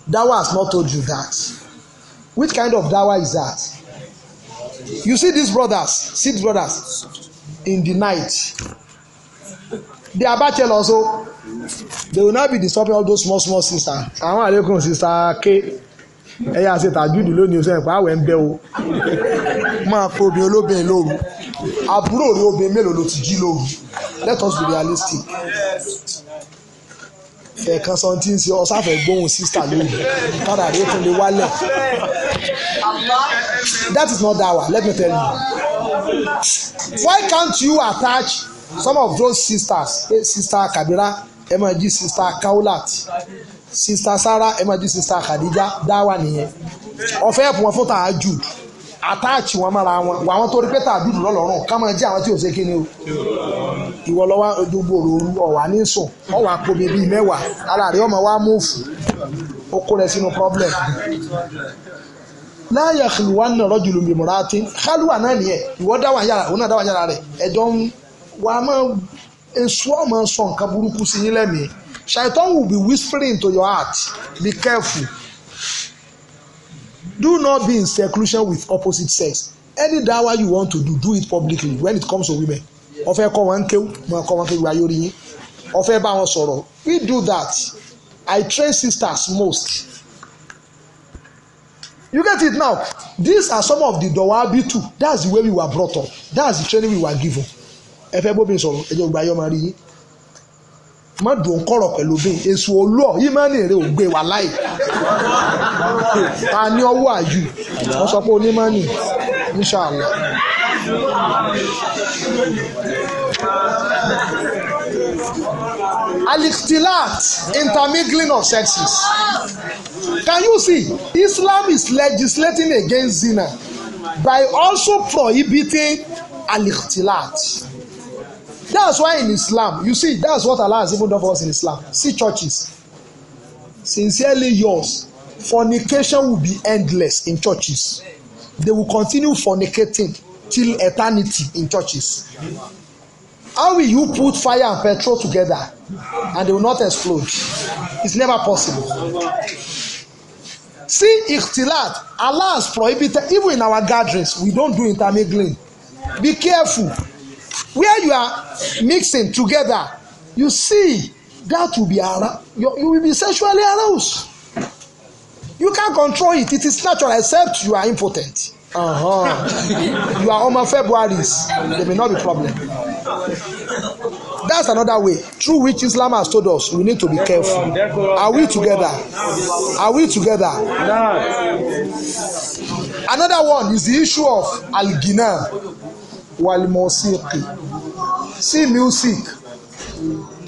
Da'wah has not told you that. Which kind of da'wah is that? You see these brothers, see these brothers in the night. They are bachelor also. They will not be disturbing all those small small sisters. Àwọn àlékún sister K. Ẹyà ṣe tàjúdì lónìí oṣù ẹ̀pá àwẹ̀ ń bẹ́ o. Máa pe obìnrin olóbìnrin lóru. Àbúrò rí obìnrin mélòó ló ti jí lóru. Let us be realistic. Ẹ̀ẹ̀kan sọ tí ń ṣe ọ̀sáfẹ́ gbóhùn sísà lóru. Kádà rí ó tún lè wálẹ̀. That is not dawa, let me tell you. Why can't you attach some of those sisters pé eh, sister Kabira ẹ sister Kaulat sister Sarah ẹ máa jí sister Khadija dáwà nìyẹn ọ̀fẹ́ ẹ̀pù wọn fún tààjù àtààchì wọn mára wọn wà wọn tó rí pé tààjù lọ́lọ́rùn ká máa jẹ́ àwọn tí ò ṣe kí ni o ìwọ lọ́wọ́ ojúgbò òru ọ̀wà ní sùn ọ̀wà pomi bíi mẹ́wàá ara rẹ̀ ọmọ wa mú òfù ó kó rẹ sínú problem láyà xìlúwà náà rọ́jùlù mìmọ́ra tí xálùwà náà nìyẹn ìwọ dáwà yàrá òun náà dáwà yàrá rẹ̀ ẹjọ́ ń wà á máa èso ọmọ sọ nǹkan burúkú sí yín lẹ́mìí shaitan will be whispering to your heart be careful do not be in seclusion with opposite sex any dawa you want to do do it publicly when it comes to women ọfẹ kọ wọn kéw wọn kọ wọn kéw ayé orí yín ọfẹ bá wọn sọ̀rọ̀ we do that i train sisters most you get it now these are some of the dawa bitu. that's the way we were brought up that's the training we were given ẹ fẹ́ bóbi sọ̀rọ̀ ẹ gba ayọ́ máa rí yín má dùn ún kọ̀rọ̀ pẹ̀lú bí èso olú ọ̀ yìí má ní èrè ògbé wà láì ta ní ọwọ́ àyù wọ́n sọ pé onímọ̀ nì inṣàlá. Al-ikhtilat, intermingling of sexes. Can you see? Islam is legislating against zina by also prohibiting al That's why in Islam, you see, that's what Allah has even done for us in Islam. See churches. Sincerely yours. Fornication will be endless in churches. They will continue fornicating till eternity in churches. How will you put fire and petrol together and they will not explode? It's never possible. See, ikhtilat, Allah has prohibited, even in our gatherings, we don't do intermingling. Be careful where you are mixing together you see that will be aroused you, you will be sexually aroused you can't control it it is natural except you are impotent uh-huh. you are on february's there may not be problem that's another way through which islam has told us we need to be careful are we together are we together another one is the issue of al-ghina see music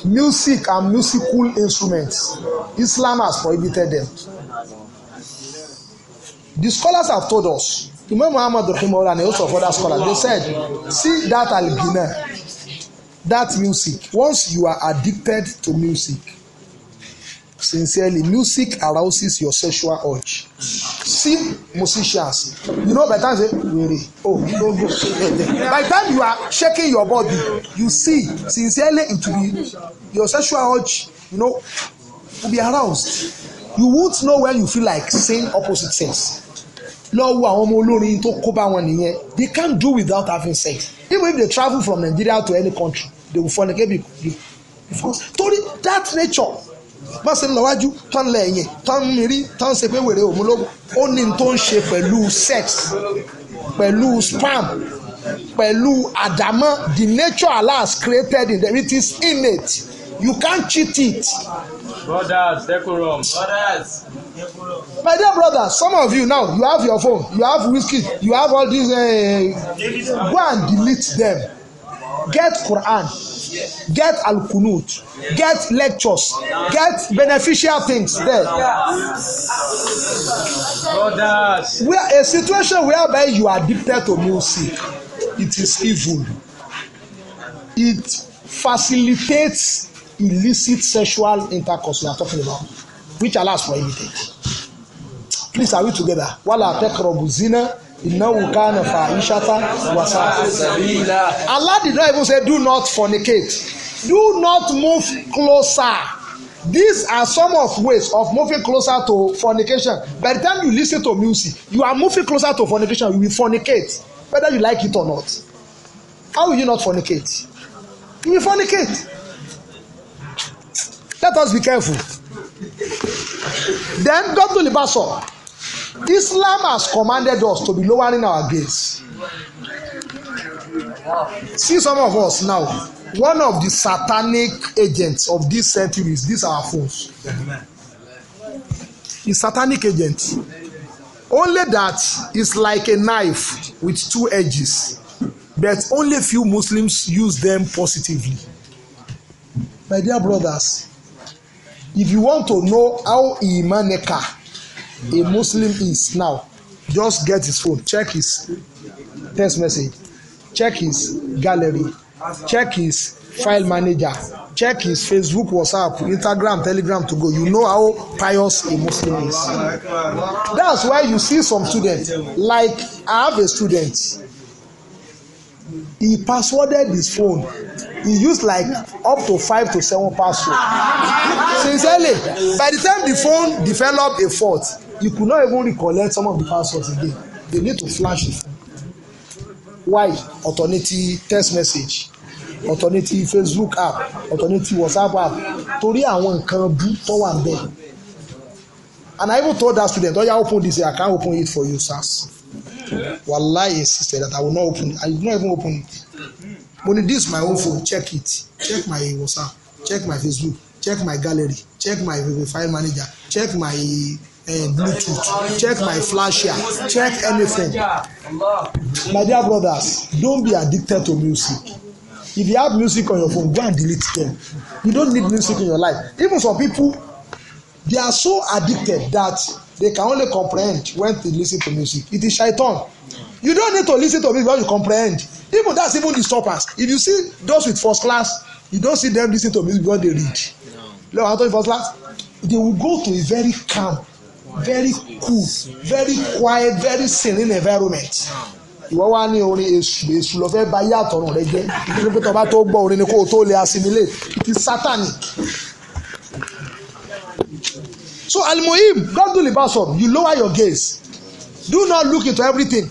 music and musical instruments Islam has prohibited them the scholars have told us Imam Muhammad rahimahullah and also other scholars they said see that al-ghina that music once you are addicted to music sincerely music arouses your sexual urge see musicians you know by the time say were oh no go by the time you are shaking your body you see sincerely it be your sexual urge you know to be aroused you won't know when you feel like saying opposite sex lọ wo àwọn ọmọ olórin tó kó bá wọn nìyẹn they can't do without having sex even if they travel from Nigeria to any country they will fornicate because torí that nature bá ṣe ń lọ wájú tán lẹ ẹ̀yìn tán ń mirí tán ń ṣe pé wèrè òmùlógún ó ní tó ń ṣe pẹ̀lú sex pẹ̀lú spam pẹ̀lú àdámọ́ the nature Allah has created in them it is innate you can't cheat it. brothers decorum. brothers. my dear brother some of you now you have your phone you have whiskey you have all these uh, go and delete them get Quran get al get lectures get beneficial things there We are a situation whereby you are addicted to music it is evil it facilitates illicit sexual intercourse we are talking about which allows for anything please are we together wala tekrobu zina. Innahu kana fa'ishatan wa sabila. Allah did not even say, do not fornicate. Do not move closer. These are some of ways of moving closer to fornication. By the time you listen to music, you are moving closer to fornication. You will fornicate, whether you like it or not. How will you not fornicate? You will fornicate. Let us be careful. Then God will pass up. Islam has commanded us to be lowering our gaze. See some of us now, one of the satanic agents of this century is these our phones. The satanic agent. Only that is like a knife with two edges, but only few Muslims use them positively. My dear brothers, if you want to know how Imaneka a Muslim is now. Just get his phone, check his text message, check his gallery, check his file manager, check his Facebook, WhatsApp, Instagram, Telegram to go. You know how pious a Muslim is. That's why you see some students, like I have a student, he passworded his phone he used like up to five to seven password sincerely by the time the phone developed a fault you could not even recollect some of the passwords again they need to flash it. why alternative text message alternative facebook app alternative whatsapp app torí àwọn nǹkan bú tó wà bẹ́ẹ̀ and i even told that student oya oh, open this i can open it for you sars wallahi insisted that i will not open it i did not even open it But ní this my own phone check it check my whatsapp check my facebook check my gallery check my file manager check my uh, Bluetooth, check my flash here, check anything. My dear brothers, don't be addicted to music. If you have music on your phone, go and delete them. You don't need music in your life. Even some people, they are so addicted that they can only comprehend when they listen to music. It is shaitan. You don't need to listen to music when you comprehend. Even that's even the stoppers. If you see those with first class, you don't see them listen to music because they read. Look, no. I first class, they will go to a very calm very cool very quiet very serene environment ìwọ wá ní orin èṣù èṣù lọ fẹ́ bá yé àtọ̀run rẹ jẹ́ nítorí pé tọba tó gbọ́ orin ni kó tó lè assimilate it is satanic so almohim godly basom you lower your gaze do not look into everything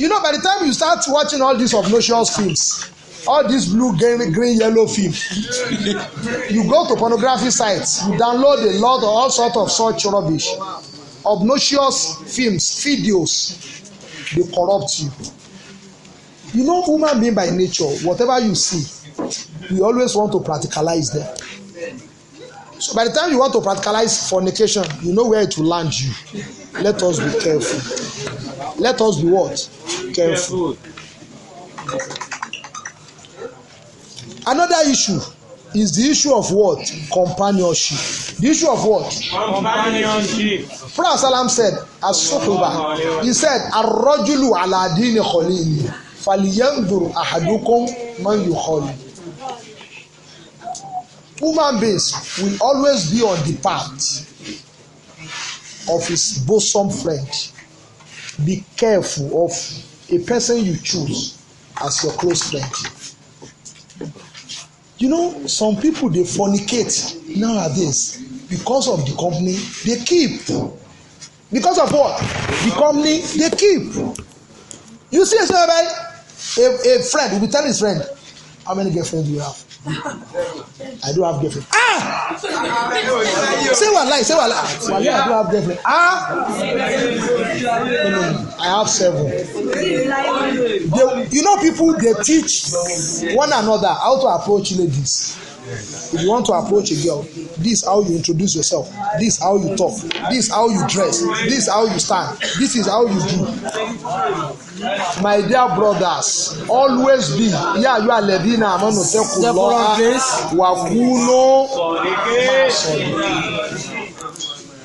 you know by the time you start watching all these obnoxious films all this blue green green yellow film you go to pornography sites you download a lot of all sort of such rubbish obnoxious films videos dey corrupt you you know human being by nature whatever you see you always want to practicalize them so by the time you want to practicalize fornication you know where it will land you let us be careful let us be what careful another issue is the issue of what companionship the issue of what companionship prophet salam said asuhuba he said arrojulu aladini kholili faliyanduru ahadukum man yu kholi human beings will always be on the path of his bosom friend be careful of a person you choose as your close friend you know some people dey fornicate nowadays because of the company they keep because of what the company they keep you see a say a, a friend will be tell his friend how many girlfriends do you have I do have girlfriend. Ah! Say lie. say lie. Wallahi, I do have girlfriend. Ah! No, no, I have seven. They, you know, people, they teach one another how to approach ladies. If you want to approach a girl, this how you introduce yourself, this how you talk, this how you dress, this how you stand, this is how you do. My dear brothers, always be yeah you are levina amanu tekuloha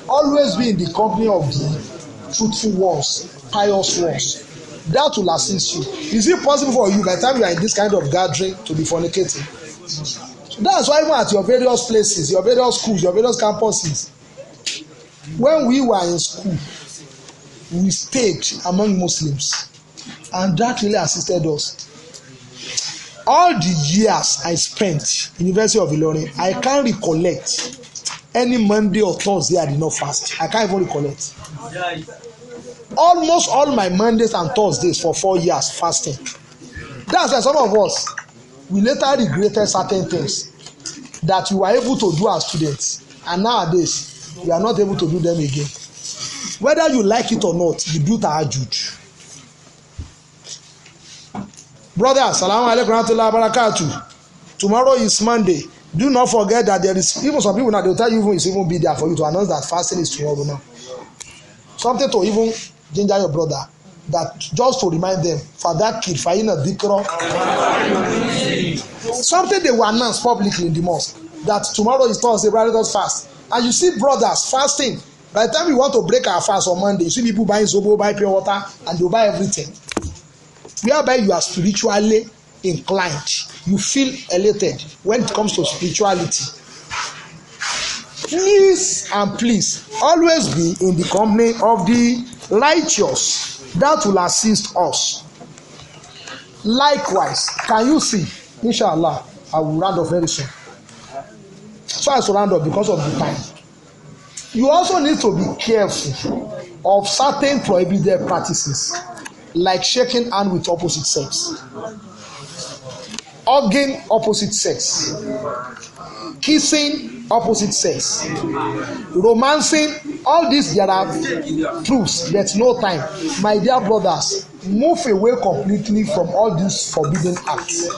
always be in the company of the truthful ones, pious ones. That will assist you. Is it possible for you by the time you are in this kind of gathering to be fornicating? that's why even at your various places your various schools your various campuses when we were in school we stayed among muslims and that really assisted us all the years i spent university of ilorin i can recollect any monday or thursday i did not fast i can't even recollect almost all my mondays and thursdays for four years fasting that's why some of us we later regretted certain things that we were able to do as students and nowadays we are not able to do them again whether you like it or not the you do tahajud brothers salamu alaikum rahmatullahi barakatu tomorrow is monday do not forget that there is even some people now they will tell you even it's even be there for you to announce that fasting is tomorrow now something to even ginger your brother that just to remind them fadakir fayina dikro something they will announce publicly in the mosque that tomorrow is thursday brothers fast and you see brothers fasting by the time we want to break our fast on monday you see people buying zobo buy pure water and they buy everything whereby you are spiritually inclined you feel elated when it comes to spirituality please and please always be in the company of the righteous that will assist us. Likewise, can you see? Inshallah, I will round up very soon. So I surround up because of the time. You also need to be careful of certain prohibited practices, like shaking hand with opposite sex, hugging opposite sex, kissing opposite sex romancing all these there are truths but no time my dear brothers move away completely from all these forbidden acts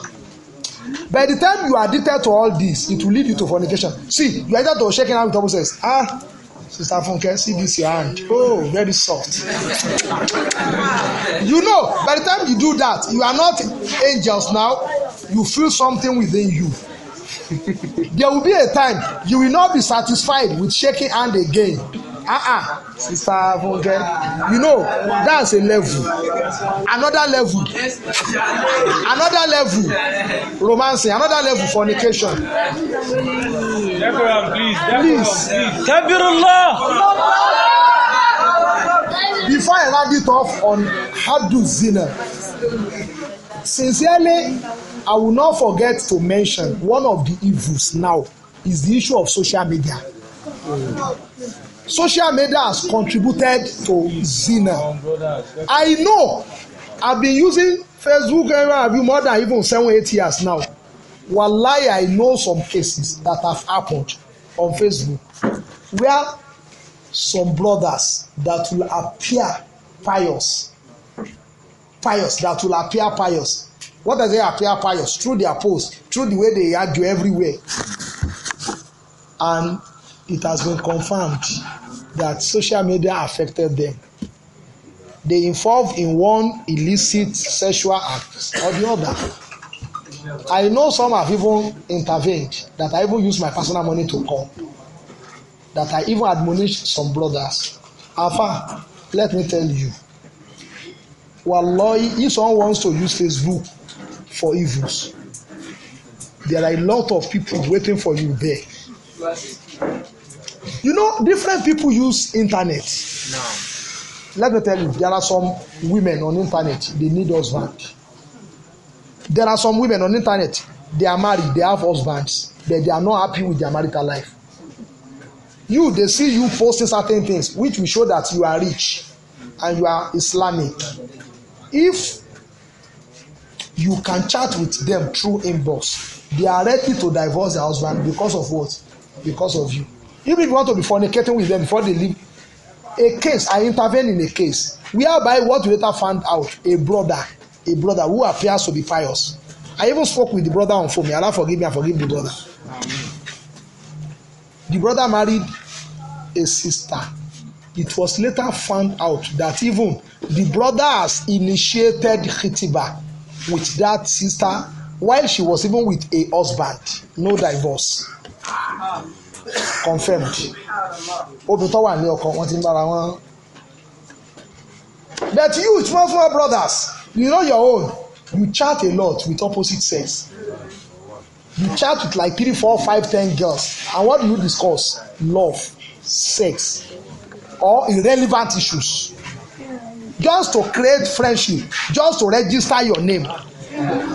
by the time you are addicted to all this it will lead you to fornication see you are addicted to shaking hand with opposite sex ah sister funke see this your hand oh very soft you know by the time you do that you are not angels now you feel something within you there will be a time you will not be satisfied with shaking hand again ah ah sister funke you know that's a level another level another level romancing another level fornication please before i round it off on how zina sincerely I will not forget to mention one of the evils now is the issue of social media. Social media has contributed to zina. I know I've been using Facebook and more than even seven, eight years now. Wallahi, I know some cases that have happened on Facebook where some brothers that will appear pious, pious, that will appear pious, What does it appear pious? Through their posts, through the way they argue everywhere. And it has been confirmed that social media affected them. They involved in one illicit sexual act or the other. I know some have even intervened that I even used my personal money to come. That I even admonished some brothers. Afa, let me tell you. Wallahi, if someone wants to use Facebook for evils. There are a lot of people waiting for you there. You know, different people use internet. No. Let me tell you, there are some women on internet, they need husbands. There are some women on internet, they are married, they have husbands, but they are not happy with their marital life. You, they see you posting certain things, which will show that you are rich and you are Islamic. If you can chat with them through inbox they are ready to divorce their husband because of what because of you even if you want to be fornicating with them before they leave a case i intervene in a case whereby what we later found out a brother a brother who appears to be pious i even spoke with the brother on phone may allah forgive me and forgive the brother the brother married a sister it was later found out that even the brother has initiated khitiba with that sister while she was even with a husband no divorce confirmed obìnrin tó wà ní ọkọ wọn ti ń bára wọn. but you small small brothers you know your own you chat a lot with opposite sex you chat with like three four five ten girls and what do you discuss love sex or irrelevant issues just to create friendship just to register your name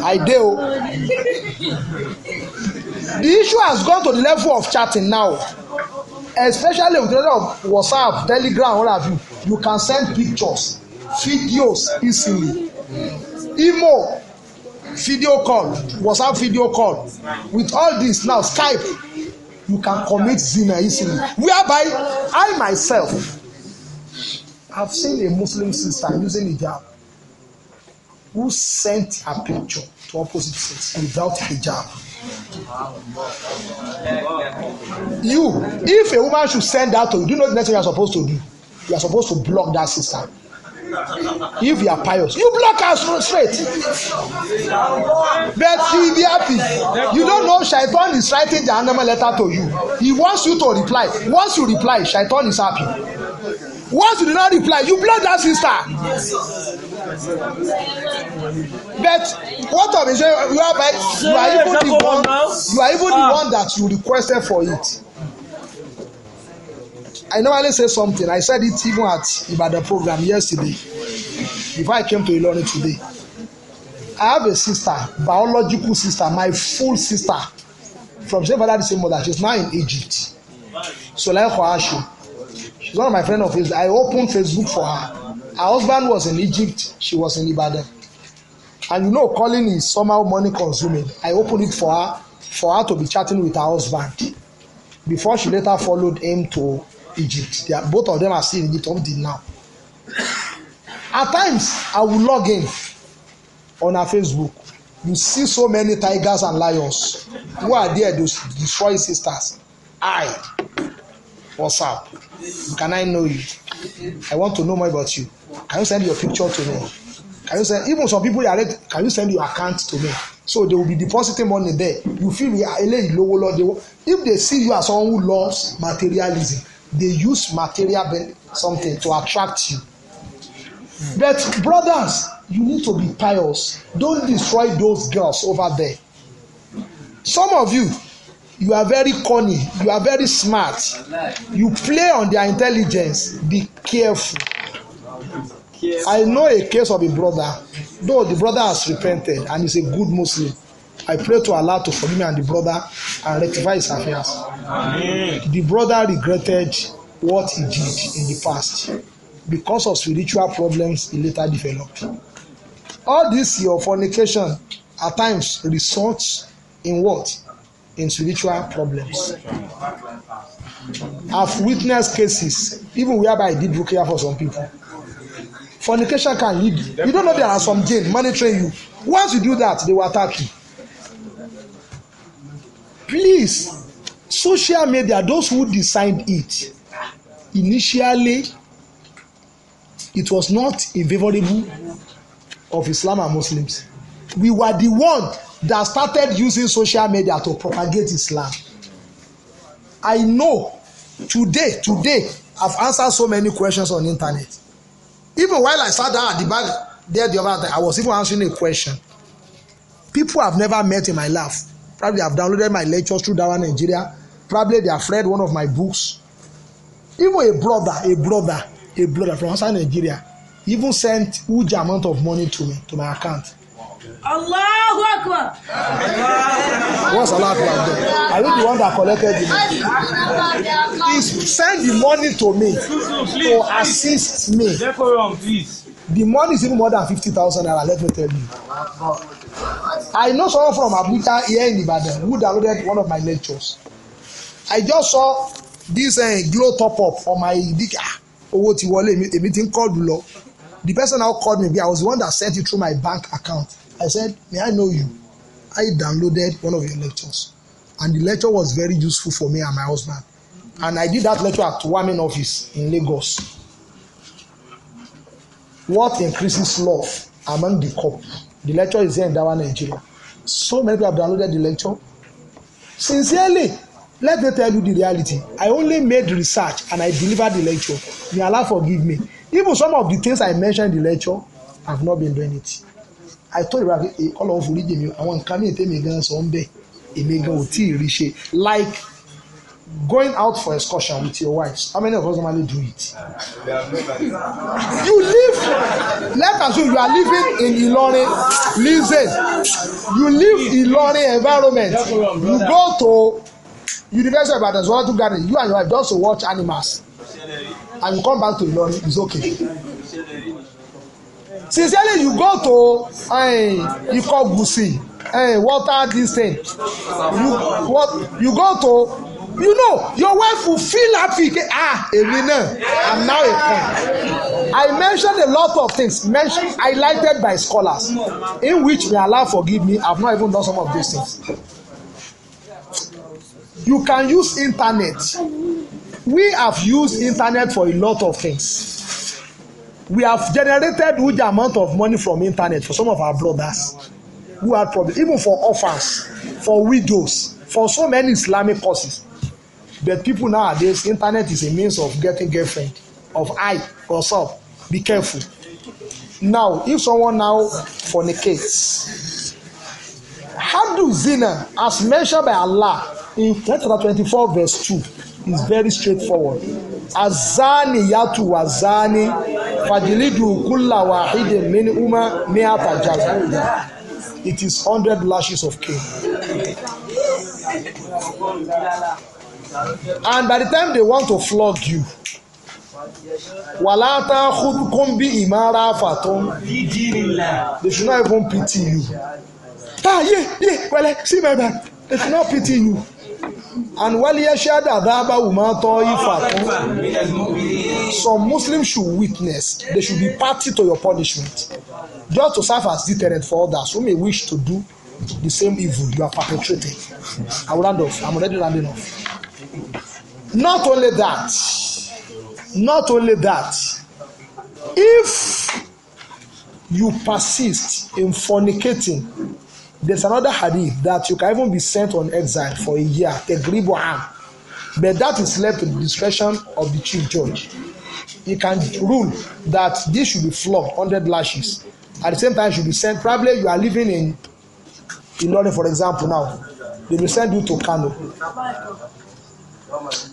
i dey o oh. the issue has gone to the level of chatting now especially with the of whatsapp telegram all of you you can send pictures videos easily imo video call whatsapp video call with all this now skype you can commit zina easily whereby i myself I've seen a Muslim sister using hijab who sent her picture to opposite sex without hijab. You, if a woman should send that to you, do you know the next thing you're supposed to do? You are supposed to block that sister. If you are pious, you block her straight. But you will be happy. You don't know Shaitan is writing the animal letter to you. He wants you to reply. Once you reply, Shaitan is happy once you do not reply you block that sister but what of it say you are by you are even the one you are even the one that you requested for it. I normally say something. I said it even at Ibadan program yesterday before I came to Ilorin today. I have a sister, biological sister, my full sister from same father, the same mother. She's now in Egypt. So Soleil Khoashu one of my friend of his, I opened Facebook for her. Her husband was in Egypt. She was in Ibadan. And you know, calling is somehow money consuming. I opened it for her for her to be chatting with her husband before she later followed him to Egypt. Are, both of them are still in Egypt up till now. At times, I will log in on her Facebook. You see so many tigers and lions who are there to destroy sisters. I, what's up? Can I know you? I want to know more about you. Can you send your picture to me? Can you send even some people are ready, can you send your account to me? So they will be depositing money there. You feel eléyìí lówó lọ dey if they see you as someone who loves materialism they use material something to attract you. But brothers you need to be pious. Don't destroy those girls over there. Some of you you are very cunning you are very smart you play on their intelligence be careful i know a case of a brother though the brother has repented and is a good muslim i pray to allah to forgive me and the brother and rectify his affairs the brother regretted what he did in the past because of spiritual problems he later developed all this your fornication at times results in what in spiritual problems. I've witnessed cases, even whereby I did rukia for some people. Fornication can lead you. You don't know there are some jail monitoring you. Once you do that, they will attack you. Please, social media, those who designed it, initially, it was not in favorable of Islam and Muslims. We were the one that started using social media to propagate Islam. I know today, today, I've answered so many questions on internet. Even while I sat down at the back there the other time, I was even answering a question. People I've never met in my life probably have downloaded my lectures through Dawa Nigeria. Probably they have read one of my books. Even a brother, a brother, a brother from outside Nigeria even sent huge amount of money to me, to my account Allahu Akbar. What's Allah Akbar do? Are you the one that collected the money? Please send the money to me to assist me. The money is even more than fifty thousand naira let me tell you. I know someone from Abuja here in Ibadan who downloaded one of my lectures. I just saw this uh, glow top up on my dick ah owó ti wọlé èmi ti ń lọ the person now called me I was the one that sent it through my bank account I said, May I know you? I downloaded one of your lectures. And the lecture was very useful for me and my husband. And I did that lecture at Wamin office in Lagos. What increases love among the couple? The lecture is here in Dawa, Nigeria. So many people have downloaded the lecture. Sincerely, let me tell you the reality. I only made research and I delivered the lecture. May Allah forgive me. Even some of the things I mentioned in the lecture, I've not been doing it àìtó ìrora eh, ọlọ́run forí jèmi àwọn nǹkan míì tèmi gan sọ ń bẹ̀ èmi gan ò tí ì rí ṣe like going out for excursion with your wife. how many of us normally do it you live let us say you are living in Ilorin listen you live Ilorin environment you go to University of Ibadan zoological garden you and your wife just to watch animals and you come back to Ilorin it's okay sincerely you go to eh, Ikogusi uh, eh, water this thing you what you go to you know your wife will feel happy ah èmi náà i'm now a friend i mentioned a lot of things mentioned highlighted by scholars in which may Allah forgive me i've not even done some of these things you can use internet we have used internet for a lot of things we have generated huge amount of money from internet for some of our brothers who had problems even for orphans for widows for so many islamic causes but people nowadays internet is a means of getting girlfriend of eye or sub be careful now if someone now fornicates hadu zina as mentioned by allah in chapter twenty-four verse two is very straightforward azani yatu wazani fajilidu kulla wahide mini uma miata jaza it is hundred lashes of cane and by the time they want to flog you walata kumbi imara fatun they should not even pity you ah yeah yeah well see my man they should not pity you. And while that Yeshada some Muslims should witness, they should be party to your punishment, just to serve as deterrent for others who may wish to do the same evil you are perpetrating. I will land off. I'm already landing off. Not only that, not only that, if you persist in fornicating There's another hadith that you can even be sent on exile for a year, tegribu am, but that is left to the discretion of the chief judge. He can rule that this should be flogged 100 lashes. At the same time, should be sent. Probably you are living in Ilorin, for example, now. They will send you to Kano.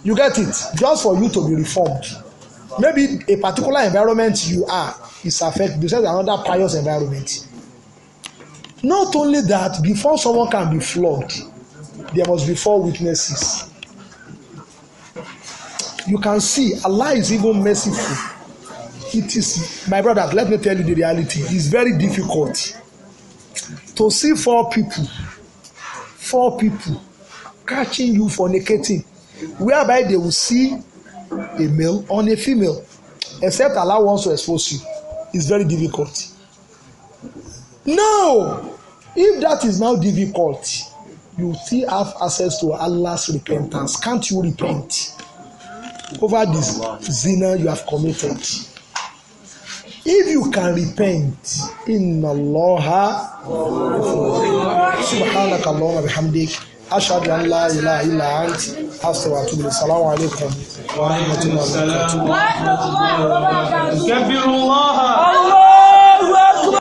You get it? Just for you to be reformed. Maybe a particular environment you are is affected. because another pious environment Not only that, before someone can be flogged, there must be four witnesses. You can see Allah is even merciful. It is, my brothers, let me tell you the reality. It is very difficult to see four people, four people catching you fornicating, whereby they will see a male on a female, except Allah wants to expose you. It is very difficult Now, if that is now difficult, you still have access to Allah's repentance. Can't you repent over this zina you have committed? If you can repent, inna Allaha subhanaka Allahumma bihamdik ashhadu an la ilaha illa ant astaghfiruka wa assalamu alaikum wa rahmatullahi wa barakatuh. Kabirullaha.